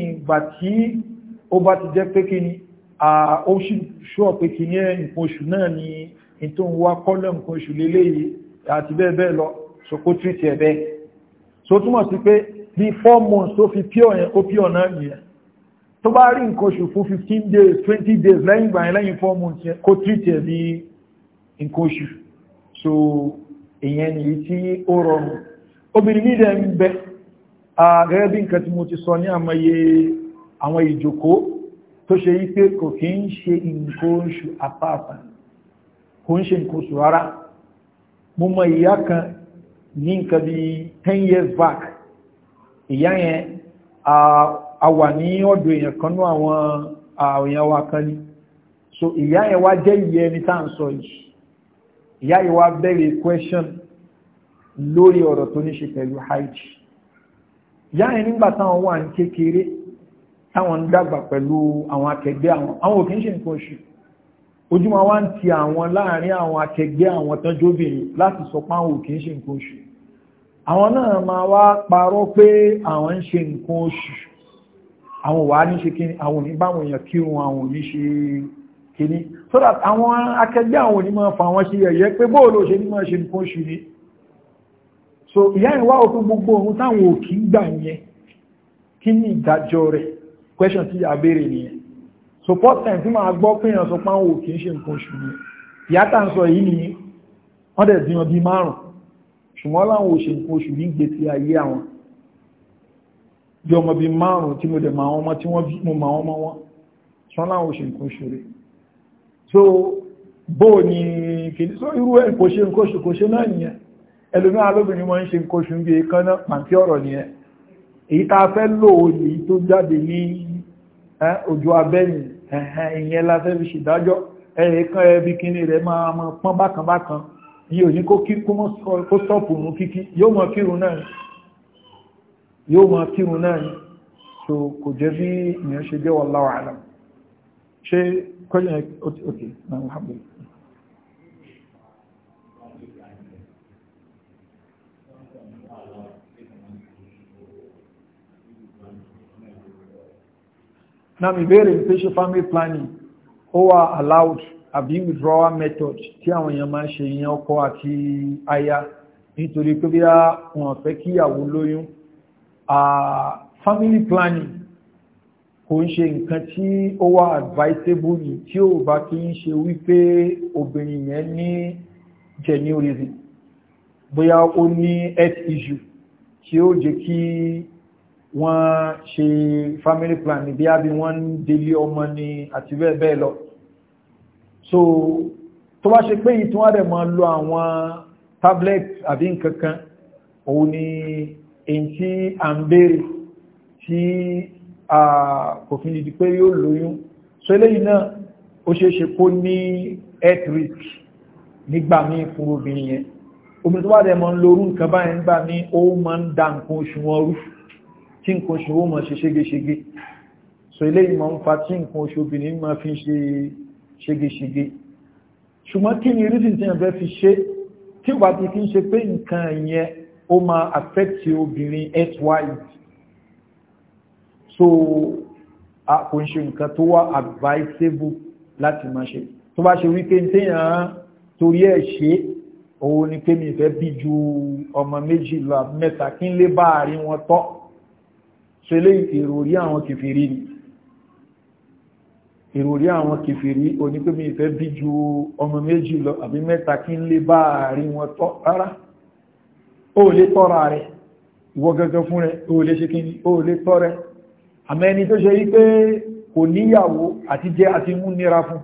ní nǹkan àti bẹ́ẹ̀ bẹ́ẹ̀ lọ sọ kó tírìtì so túmọ̀ sí pé bí four months tó fi pure yẹn ó pure náà nìyẹn tó bá rí nǹkan oṣù fún fifteen days twenty days lẹ́yìn ìgbà yẹn lẹ́yìn four months yẹn kó treat ẹ̀ ní nǹkan oṣù so ìyẹn nìyí tí ó rọrùn obìnrin mi dẹ̀ ń bẹ gẹ́gẹ́ bí nǹkan tí mo ti sọ ní àmọye àwọn ìjòkó tó ṣe yí pé kò kí ń ṣe nǹkan oṣù àpáàpá kò ń ṣe nǹkan oṣù rárá mo mọ ìyá kan ní nǹkan 10 years back ìyá yẹn a wà ni ọ̀dọ̀ èèyàn kan ní àwọn èèyàn wa kan ní so ìyá yẹn wá jẹ́ ìyẹ́ ẹni tá à ń sọ yìí ìyá yìí wá bẹ̀rẹ̀ question lórí ọ̀rọ̀ tó ní ṣe pẹ̀lú hajj ìyá yẹn nígbà táwọn wà ní kékeré táwọn ń dàgbà pẹ̀lú àwọn akẹgbẹ́ àwọn àwọn òkè ń ojúmọ́ wá ń ti àwọn láàrin àwọn akẹgbẹ́ àwọn tánjóbìnrin láti sọ páwọn òkè ń ṣe nǹkan oṣù àwọn náà máa wá parọ́ pé àwọn ń ṣe nǹkan oṣù àwọn wà ní ṣe kíní àwọn òní báwọn èèyàn kírun àwọn òní ṣe kíní so that àwọn akẹgbẹ́ àwọn òní máa fa àwọn ṣe yẹ̀yẹ́ pé bóòlò ṣe ní máa ṣe nǹkan oṣù ni so ìyá ìwá òkú gbogbo ohun táwọn òkè ń gbà yẹn kí ni ìdájọ́ rẹ̀ question tí a nìyẹn so first time tí máa gbọ́ pé èèyàn sọ pé àwọn òkè ń ṣe nǹkan oṣù ni ìyá tá ń sọ yìí ni wọ́n dẹ̀ bímọ bíi márùn ṣùgbọ́n láwọn òṣè nǹkan oṣù ní gbèsè ayé àwọn bí ọmọ bíi márùn tí mo dẹ̀ máa wọn ọmọ tí wọ́n mo máa wọn ọmọ wọn láwọn òṣè nǹkan oṣù rẹ̀ so bó ni kìí so irú ẹ̀ kò ṣe nǹkan oṣù kò ṣe náà nìyẹn ẹlòmí alóbìnrin wọn ń ṣe nǹkan oṣù bí kan náà pàǹtí ọ̀rọ̀ nìyẹn èyí tá a fẹ́ lò ó ní tó jáde ní ojú abẹ́yìn ìyẹn la fẹ́ fi ṣèdájọ́ ẹ̀ẹ̀kan ẹbí kíní rẹ̀ máa mọ pọ́n bákan bákan yìí ò ní kó kí kó sọ́ọ̀pù òun kíkí yóò mọ kírun náà ni yóò mọ kírun náà ni so kò jẹ́ bí ìyẹn ṣe jẹ́ wallahu alam ṣé kọ́jú yẹn ok alhamdulillah. náà mi béèrè pé family planning ó wà allowed àbí withdrawal method tí àwọn èèyàn máa ń ṣe ìyẹn ọkọ àti aya nítorí pé bí wọ́n fẹ́ kíyàwó lóyún family planning kò ń ṣe nǹkan tí ó wà advisable ni tí ó bá kí ń ṣe wípé obìnrin yẹn ní genuine reason bóyá ó ní health issue tí ó jẹ́ kí wọ́n ṣe family plan ní bí á bí wọ́n ń délé ọmọ ni àti bẹ́ẹ̀ bẹ́ẹ̀ lọ so tó wá ṣe pé yìí tí wọ́n rẹ̀ máa lo àwọn tablet àbí nkankan òun ni èyí tí a ń béèrè tí kò fi ní pé yóò lóyún so eléyìí náà ó ṣe é ṣe kó ní health risk nígbà míì fún obìnrin yẹn obìnrin tó wá rẹ̀ máa ń lo orú nǹkan báyẹn nígbà míì ó máa ń da nǹkan oṣù wọn rúfù tí nǹkan oṣù ó máa ṣe ṣégeṣége so eléyìí máa ń fa tí nǹkan oṣù obìnrin máa fi ṣe ṣégeṣége ṣùgbọ́n kí ni reason tí wọ́n fẹ́ fi ṣe tí wàá ti fi ń ṣe pé nǹkan yẹn ó máa affect obìnrin earthwide so a kò ń ṣe nǹkan tó wá advisable láti máa ṣe tó bá ṣe wípé téèyàn torí ẹ̀ ṣe òun ni pé mi fẹ́ bí ju ọmọ méjì mẹ́ta kí n lè bá àárín wọn tọ́ so ilé ìròrí àwọn kìfìrí ni ìròrí àwọn kìfìrí onípémi ìfẹ́ bí ju ọmọ méjì lọ àbí mẹ́ta kí ń lé bá àárín wọn tọ́ rárá ó lè tọ́ra rẹ̀ ìwọ gẹ́gẹ́ fún rẹ̀ ó lè ṣe kí ni ó lè tọ́ rẹ̀ àmẹ́ni tó ṣe wípé kò níyàwó àti jẹ́ àti mú nira fún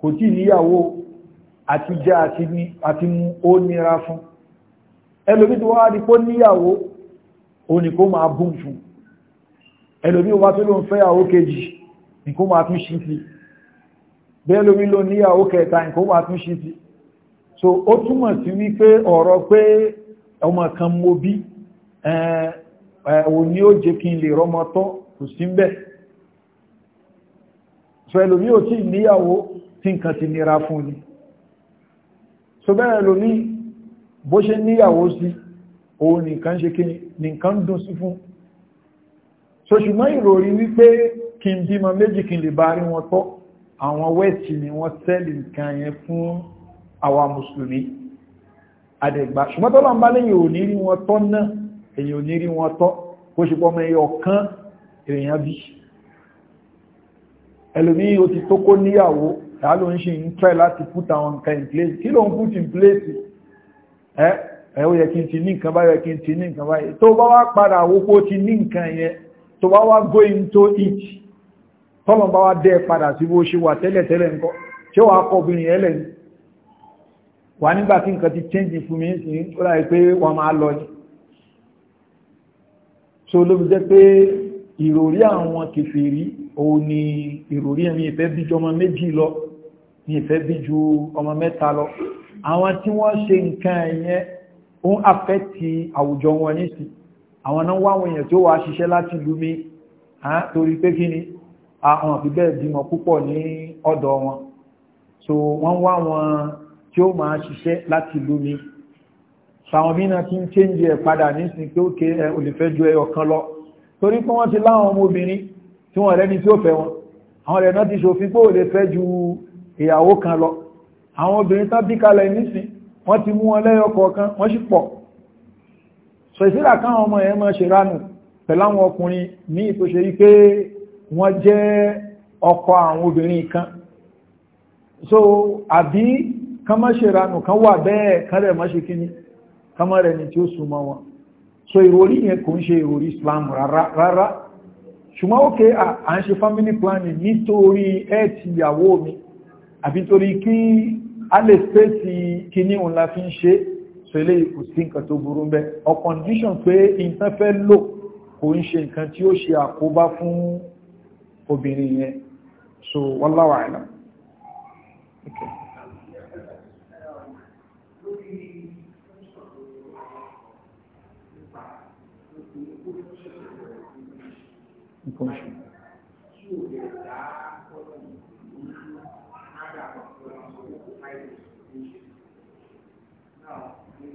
kò tí níyàwó àti jẹ́ àti mú ó nira fún ẹlòmí tó wá di kó níyàwó ó kó máa bùn fún ẹlòmí wá tó ló ń fẹ́yàwó kejì nǹkan máa tún ṣí sí bẹ́ẹ̀ lómi ló níyàwó kẹta nǹkan máa tún ṣí sí so ó túmọ̀ sí wípé ọ̀rọ̀ pé ọmọ kan mo bí òun ni ó jẹ́ kí n lè rọmọ tọ́ kò sí ń bẹ̀ so ẹlòmí ò tí níyàwó tí nǹkan ti nira fún ni so bẹ́ẹ̀ lómi bó ṣe níyàwó sí òun nìkan ṣe kí nìkan dùn sí fún so ṣùgbọ́n ìròrí wípé kí n bímọ méjì kí n lè bá rí wọn tọ́ àwọn wẹ́ẹ̀tì ni wọ́n tẹ́lì nǹkan yẹn fún àwa mùsùlùmí àdẹ̀gbà ṣùgbọ́n tọ́lọ́ ń bá lẹ́yìn ò ní rí wọn tọ́ náà èyàn ò ní rí wọn tọ́ kó ṣe pọ́mọ ẹyọ kan èèyàn bí ẹlòmí o ti tó níyàwó ìyá ló ń ṣe ń try láti put àwọn nǹkan in place kí ló ń put in place ẹ ẹ ó yẹ kí n ti ní nǹkan báyìí kí n ti ní nǹkan báyìí tó bá wá padà wó pé ti ní nǹkan yẹn tó wá wá going to eat. tọ́lọ̀n bá wá dẹ́ padà sí bó ṣe wà tẹ́lẹ̀tẹ́lẹ̀ ńkọ́ ṣé wàá kọ obìnrin yẹn wà nígbà tí nǹkan ti change fún mi sí ó láì pé wọ́n máa lọ ni so ló fi jẹ́ pé ìròrí àwọn kèfèrí òun ni ìròrí ẹ̀mí ìfẹ́ bí ju ọmọ méjì lọ ní ìfẹ́ bí ju ọmọ mẹ́ta lọ àwọn tí wọ́n ṣe nǹkan ẹ̀yẹn ó ń àfẹ́ ti àwùjọ wọn nísìnyí àwọn náà wá àwọn èèyàn tí ó wá ṣiṣẹ́ láti ìlú torí pé kí ni àwọn àfi bẹ́ẹ̀ bímọ púpọ̀ ní ọ̀dọ̀ wọn so wọ́n wá àwọn tí ó máa ṣiṣẹ́ láti ìlú mi sàwọn bí náà ti ń change ẹ̀ padà nísìn pé òkè ẹ olùfẹ́ ju ẹyọ kan lọ torí pé wọ́n ti láwọn ọmọbìnrin tí wọ́n rẹ́ni tí ó fẹ́ wọn àwọn rẹ̀ náà ti ṣòfin pé ò lè fẹ́ ju ìyàwó kan lọ àwọn obìnrin tán bí kalẹ̀ nísìn wọ́n ti mú wọn lẹ́yọ kọ̀ọ̀kan wọ́n sì pọ̀ sọ ìsíra káwọn ọmọ ẹ̀ máa ṣe ránù pẹ̀láwọn ọkùnrin ní ipò ṣe rí pé wọ́n jẹ́ ọkọ àwọn obìnrin kan so àbí kán má ṣe ránù kán wà bẹ́ẹ̀ kán rẹ̀ má ṣe kíní kán má rẹ̀ ní tí ó súnmọ́ wọn so ìròrí yẹn kò ń ṣe ìròrí Islam rárá ṣùgbọ́n ókè à ń ṣe family planning nítorí ẹ̀ ìyàwó mi àbí torí kí a lè spéèsì kíní òun la fi ń ṣe é so eléyìí kò sí nǹkan tó burú mbẹ ọ condition pé nǹkan fẹ́ lò kò ń ṣe nǹkan tí ó ṣe àkóbá fún obìnrin yẹn so wallahu a'lam. Okay.
nǹkan ṣe.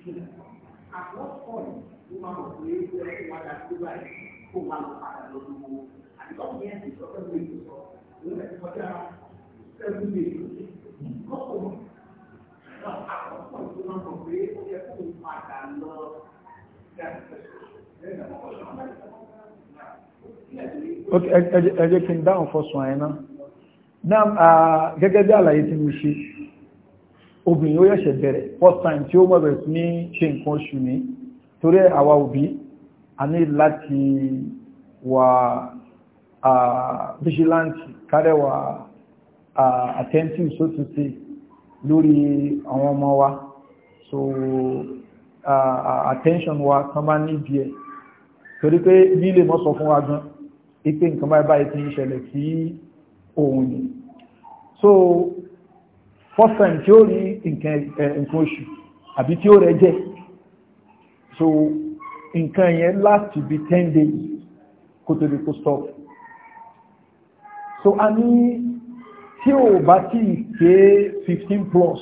ìkìlọ̀. Àkọ́kọ́ ni ó máa mọ̀ pé ó yẹ kó wá dá sí báyìí kó wá lọ padà lọ́dún owó. Àdìgbà wọn yẹn ti sọ pé mi ò sọ, òun lè kọjá ẹbí mi ò sí. Kọ́kọ́ mọ̀. Àkọ́kọ́ ni ó máa mọ̀ pé ó yẹ kó padà lọ
Ok, ẹ jẹ́ kí n dáhùn fọ́sùn àyínná. Náà ah, gẹ́gẹ́ bí àlàyé tí mo ṣe, obìnrin ó yẹ̀ṣẹ̀ bẹ̀rẹ̀ first time tí ó mọ̀ bẹ̀rẹ̀ ní ṣe nǹkan oṣù ní torí àwa òbí a ní láti wà vigilante kárẹ̀wà attentive so to say lórí àwọn ọmọ wa so uh, attention wa kan bá ní ibi ẹ̀ torí pé bí lè mọ́ sọ fún wa gan ipe nǹkan báyìí báyìí ti ń ṣẹlẹ̀ sí òun ni so first time tí ó rí nǹkan oṣù àbí tí ó rẹ jẹ́ so nǹkan yẹn láti bí ten days kó tó lè kó stop so a ní tí ò bá tí pé 15 plus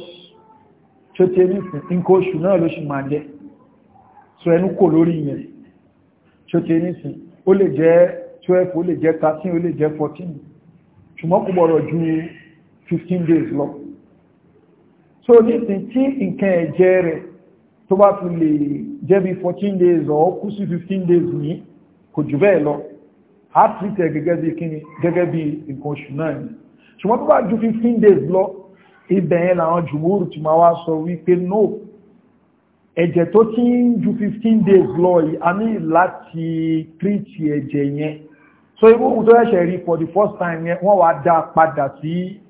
tí ó ti rí nǹkan oṣù náà ló ṣe máa jẹ́ so ẹnu kò lórí yẹn tí ó ti rí sí ó lè jẹ́ 12 ó lè jẹ́ 13 ó lè jẹ́ 14 ṣùgbọ́n kò gbọ́dọ̀ ju 15 days lọ so nísìn tí nǹkan ẹ̀jẹ̀ rẹ̀ tó bá fi lè jẹ́ bí 14 days or kú sí 15 days ní kò jù bẹ́ẹ̀ lọ a ti tẹ̀ gẹ́gẹ́ bí kíni gẹ́gẹ́ bí nǹkan oṣù náà ni ṣùgbọ́n tó bá ju 15 days lọ ibẹ̀ yẹn làwọn jùmúrù ti máa wá sọ wípé no ẹ̀jẹ̀ tó ti ń ju 15 days lọ yìí a ní láti tírìtì ẹ̀jẹ̀ yẹn so irú ohun tó ẹ̀ṣẹ̀ rí for the first time yẹn wọ́n wá dá padà sí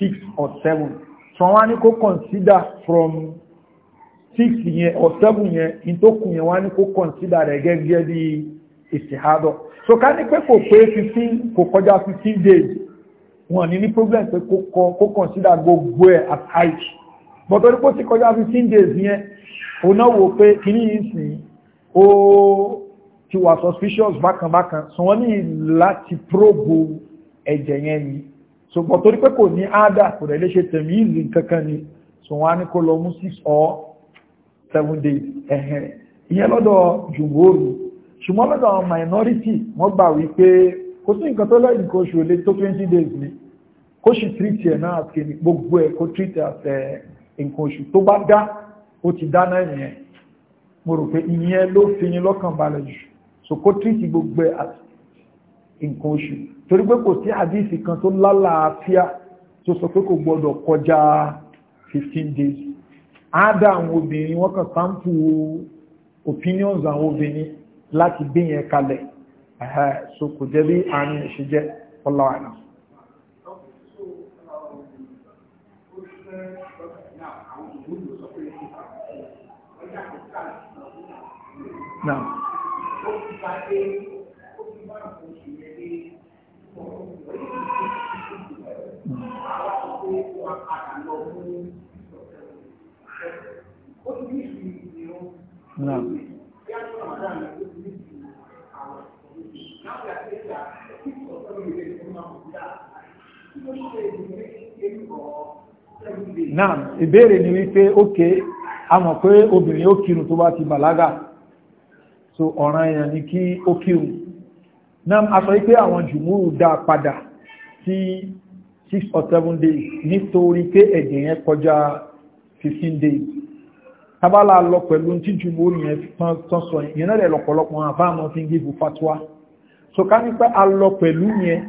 6 or seven so wọ́n ní kó consider from six yẹn or seven yẹn in tó kù yẹn wọ́n ní kó consider rẹ̀ gẹ́gẹ́ bí ìṣèhádọ́ so ká ní pé kò pé fifteen kò kọjá fifteen days wọ́n ní ní problem pé kó consider gbogbo ẹ̀ as high. but orí kó ti kọjá fifteen days yẹn òun náà wò pé kíní yìí sìn ó ti wà suspicious bákan bákan so wọ́n ní láti probe ẹ̀jẹ̀ yẹn ni ṣùgbọ́n torí pé kò ní ádá kò rẹ̀ léṣe tẹ̀mí ìlú kankan ni so wọ́n á ní kó lọ 6 or 7 days ẹ̀hẹ̀n ìyẹn lọ́dọ̀ jùmọ́rù ṣùgbọ́n lọ́dọ̀ àwọn minority wọ́n gbà wípé kò sí nǹkan tó lẹ́yìn kó ṣù lé tó 20 days ni kó ṣì treat ẹ̀ náà àti ní gbogbo ẹ̀ kó treat àtẹ nǹkan oṣù tó bá dá ó ti dá náà nìyẹn mo rò pé ìyẹn ló fi yín lọ́kàn balẹ̀ jù so kó treat gbogbo ẹ̀ àti nǹkan oṣù torí pé kò sí àdísì kan tó lálàáfíà tó sọ pé kò gbọdọ̀ kọjá 15 days ádá àwọn obìnrin wọ́n kàn sáǹpù opinions àwọn obìnrin láti gbé yẹn kalẹ̀ so kò jẹ́ bí àárín ìṣẹ́jẹ́ ọláwàná
Now. naam lọ mú ó ti ní ìlú ìrún
ìbéèrè ni wípé ókè a mọ̀ pé obìnrin ó kírun tó bá ti bàlágà so ọ̀ràn èèyàn ni kí ó kírun náà a sọ wípé àwọn jùmúrù dá six or seven days nítorí pé ẹ̀jẹ̀ yẹn kọjá fifteen days tábàlà lọ pẹ̀lú tí ju mọ́ yẹn tán sọ yẹn náà lẹ̀ lọ́pọ̀lọpọ̀ wọn àbáàmọ́ fi ń gíbu fatwa so ká ní pé a lọ pẹ̀lú yẹn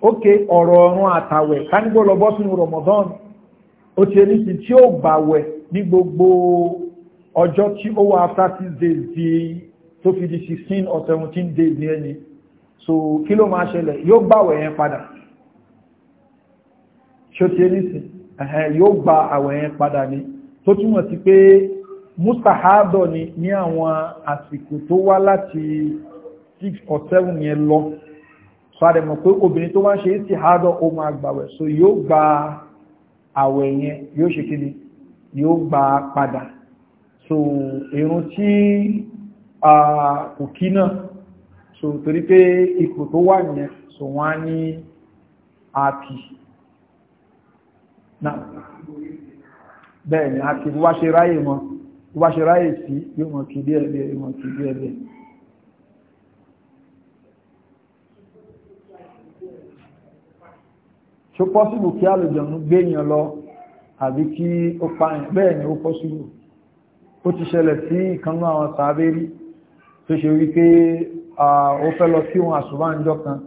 ok ọ̀rọ̀ ọ̀run àtàwẹ̀ ká ní gbọ́dọ̀ bọ́ sínú Ramadan ó ti ẹni sí tí ó bá wẹ̀ ní gbogbo ọjọ́ tí ó wà after six days di tó fi di sixteen or seventeen days ní ẹni so kí ló máa ṣẹlẹ̀ yóò gbàwẹ̀ yẹn padà ṣó ti ẹnìsìn yóò gba àwẹ̀ padà ni tó túmọ̀ sí pé mustahadọ̀ ni ní àwọn àsìkò tó wá láti six or seven yẹn lọ sọ́dẹ̀mọ̀ pé obìnrin tó wá ń ṣe é sì hádọ́ ó máa gbàwẹ̀ so yóò gba àwẹ̀ yẹn yóò ṣe kíni yóò gba padà so irun tí kò kí náà so torí pé ipò tó wà yẹn so wọ́n á ní àpì náà bẹ́ẹ̀ ni a kì í wá ṣe ráyè mọ́ wá ṣe ráyè sí yóò mọ̀ kì díẹ̀ díẹ̀ yóò mọ̀ kì díẹ̀ díẹ̀ tó pọ́sílù kí àlùjọ̀nú gbéyàn lọ àbí kí ó pààyàn bẹ́ẹ̀ ni ó pọ́sílù ó ti ṣẹlẹ̀ sí ìkanú àwọn sàábérí tó ṣe wípé ó fẹ́ lọ kí wọn àṣùbáǹjọ́ kan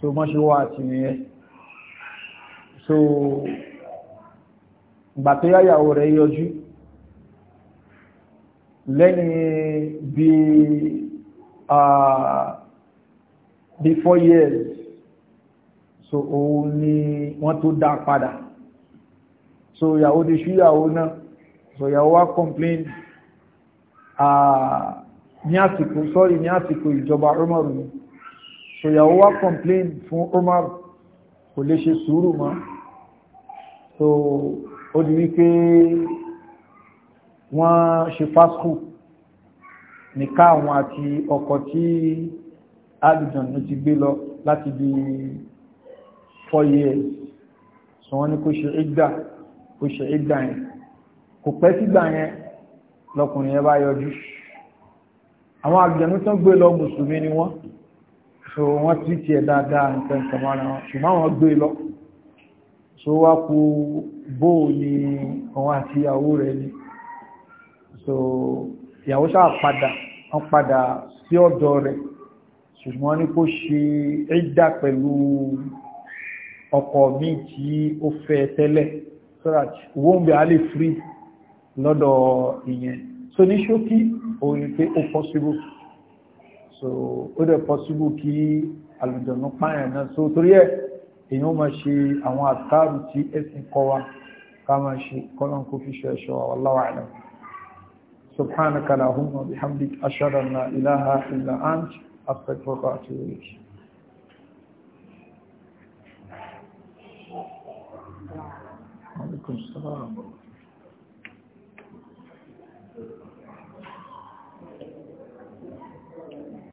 tó mọ́ ṣe wá àtìyẹn so ìgbà tó yáyàwó rẹ̀ yọjú lẹ́yìn bí bí four years so òun ni wọ́n tó dá padà so ìyàwó ti ṣúyàwó náà so ìyàwó wá complain ní àsìkò sorry ní àsìkò ìjọba Umaru so ìyàwó wá complain fún Umaru kò lè ṣe sùúrù mọ́ so ó di wípé wọ́n ṣe fásitì nìka àwọn àti ọkọ̀ tí alìjọ̀nù ti gbé lọ láti bí 4 years so wọ́n ní kó ṣe ìgbà kó ṣe ìgbà yẹn kò pẹ́ sígbà yẹn lọkùnrin yẹn bá yọjú àwọn àlùjànnú tán gbé lọ mùsùlùmí ni wọ́n so wọ́n ti tiẹ̀ dáadáa nǹkan kan mọ́ra wọn ṣùgbọ́n àwọn gbé lọ so wá kú bóò ní ọwọ́ àti ìyàwó rẹ̀ ni so ìyàwó sáà padà wọ́n padà sí ọ̀dọ̀ rẹ̀ ṣùgbọ́n ní kó ṣe ìdá pẹ̀lú ọkọ míì tí ó fẹ́ tẹ́lẹ̀ sọ́ra owó ń bẹ alẹ́ free lọ́dọ̀ ìyẹn so ní ṣókí òun ni pé ó possible so ó dẹ̀ possible kí àlùjọ̀nù pààyàn náà so torí ẹ̀ èyàn ma ṣe àwọn àtàrù tí ẹ̀sìn kọ́ wa ká ma ṣe kọ́lọ̀n kó fi ṣẹ̀ṣọ́ wallahu a'lam subhanaka allahumma bihamdik ashhadu an la ilaha illa ant astaghfiruka wa atubu ilayk Thank you.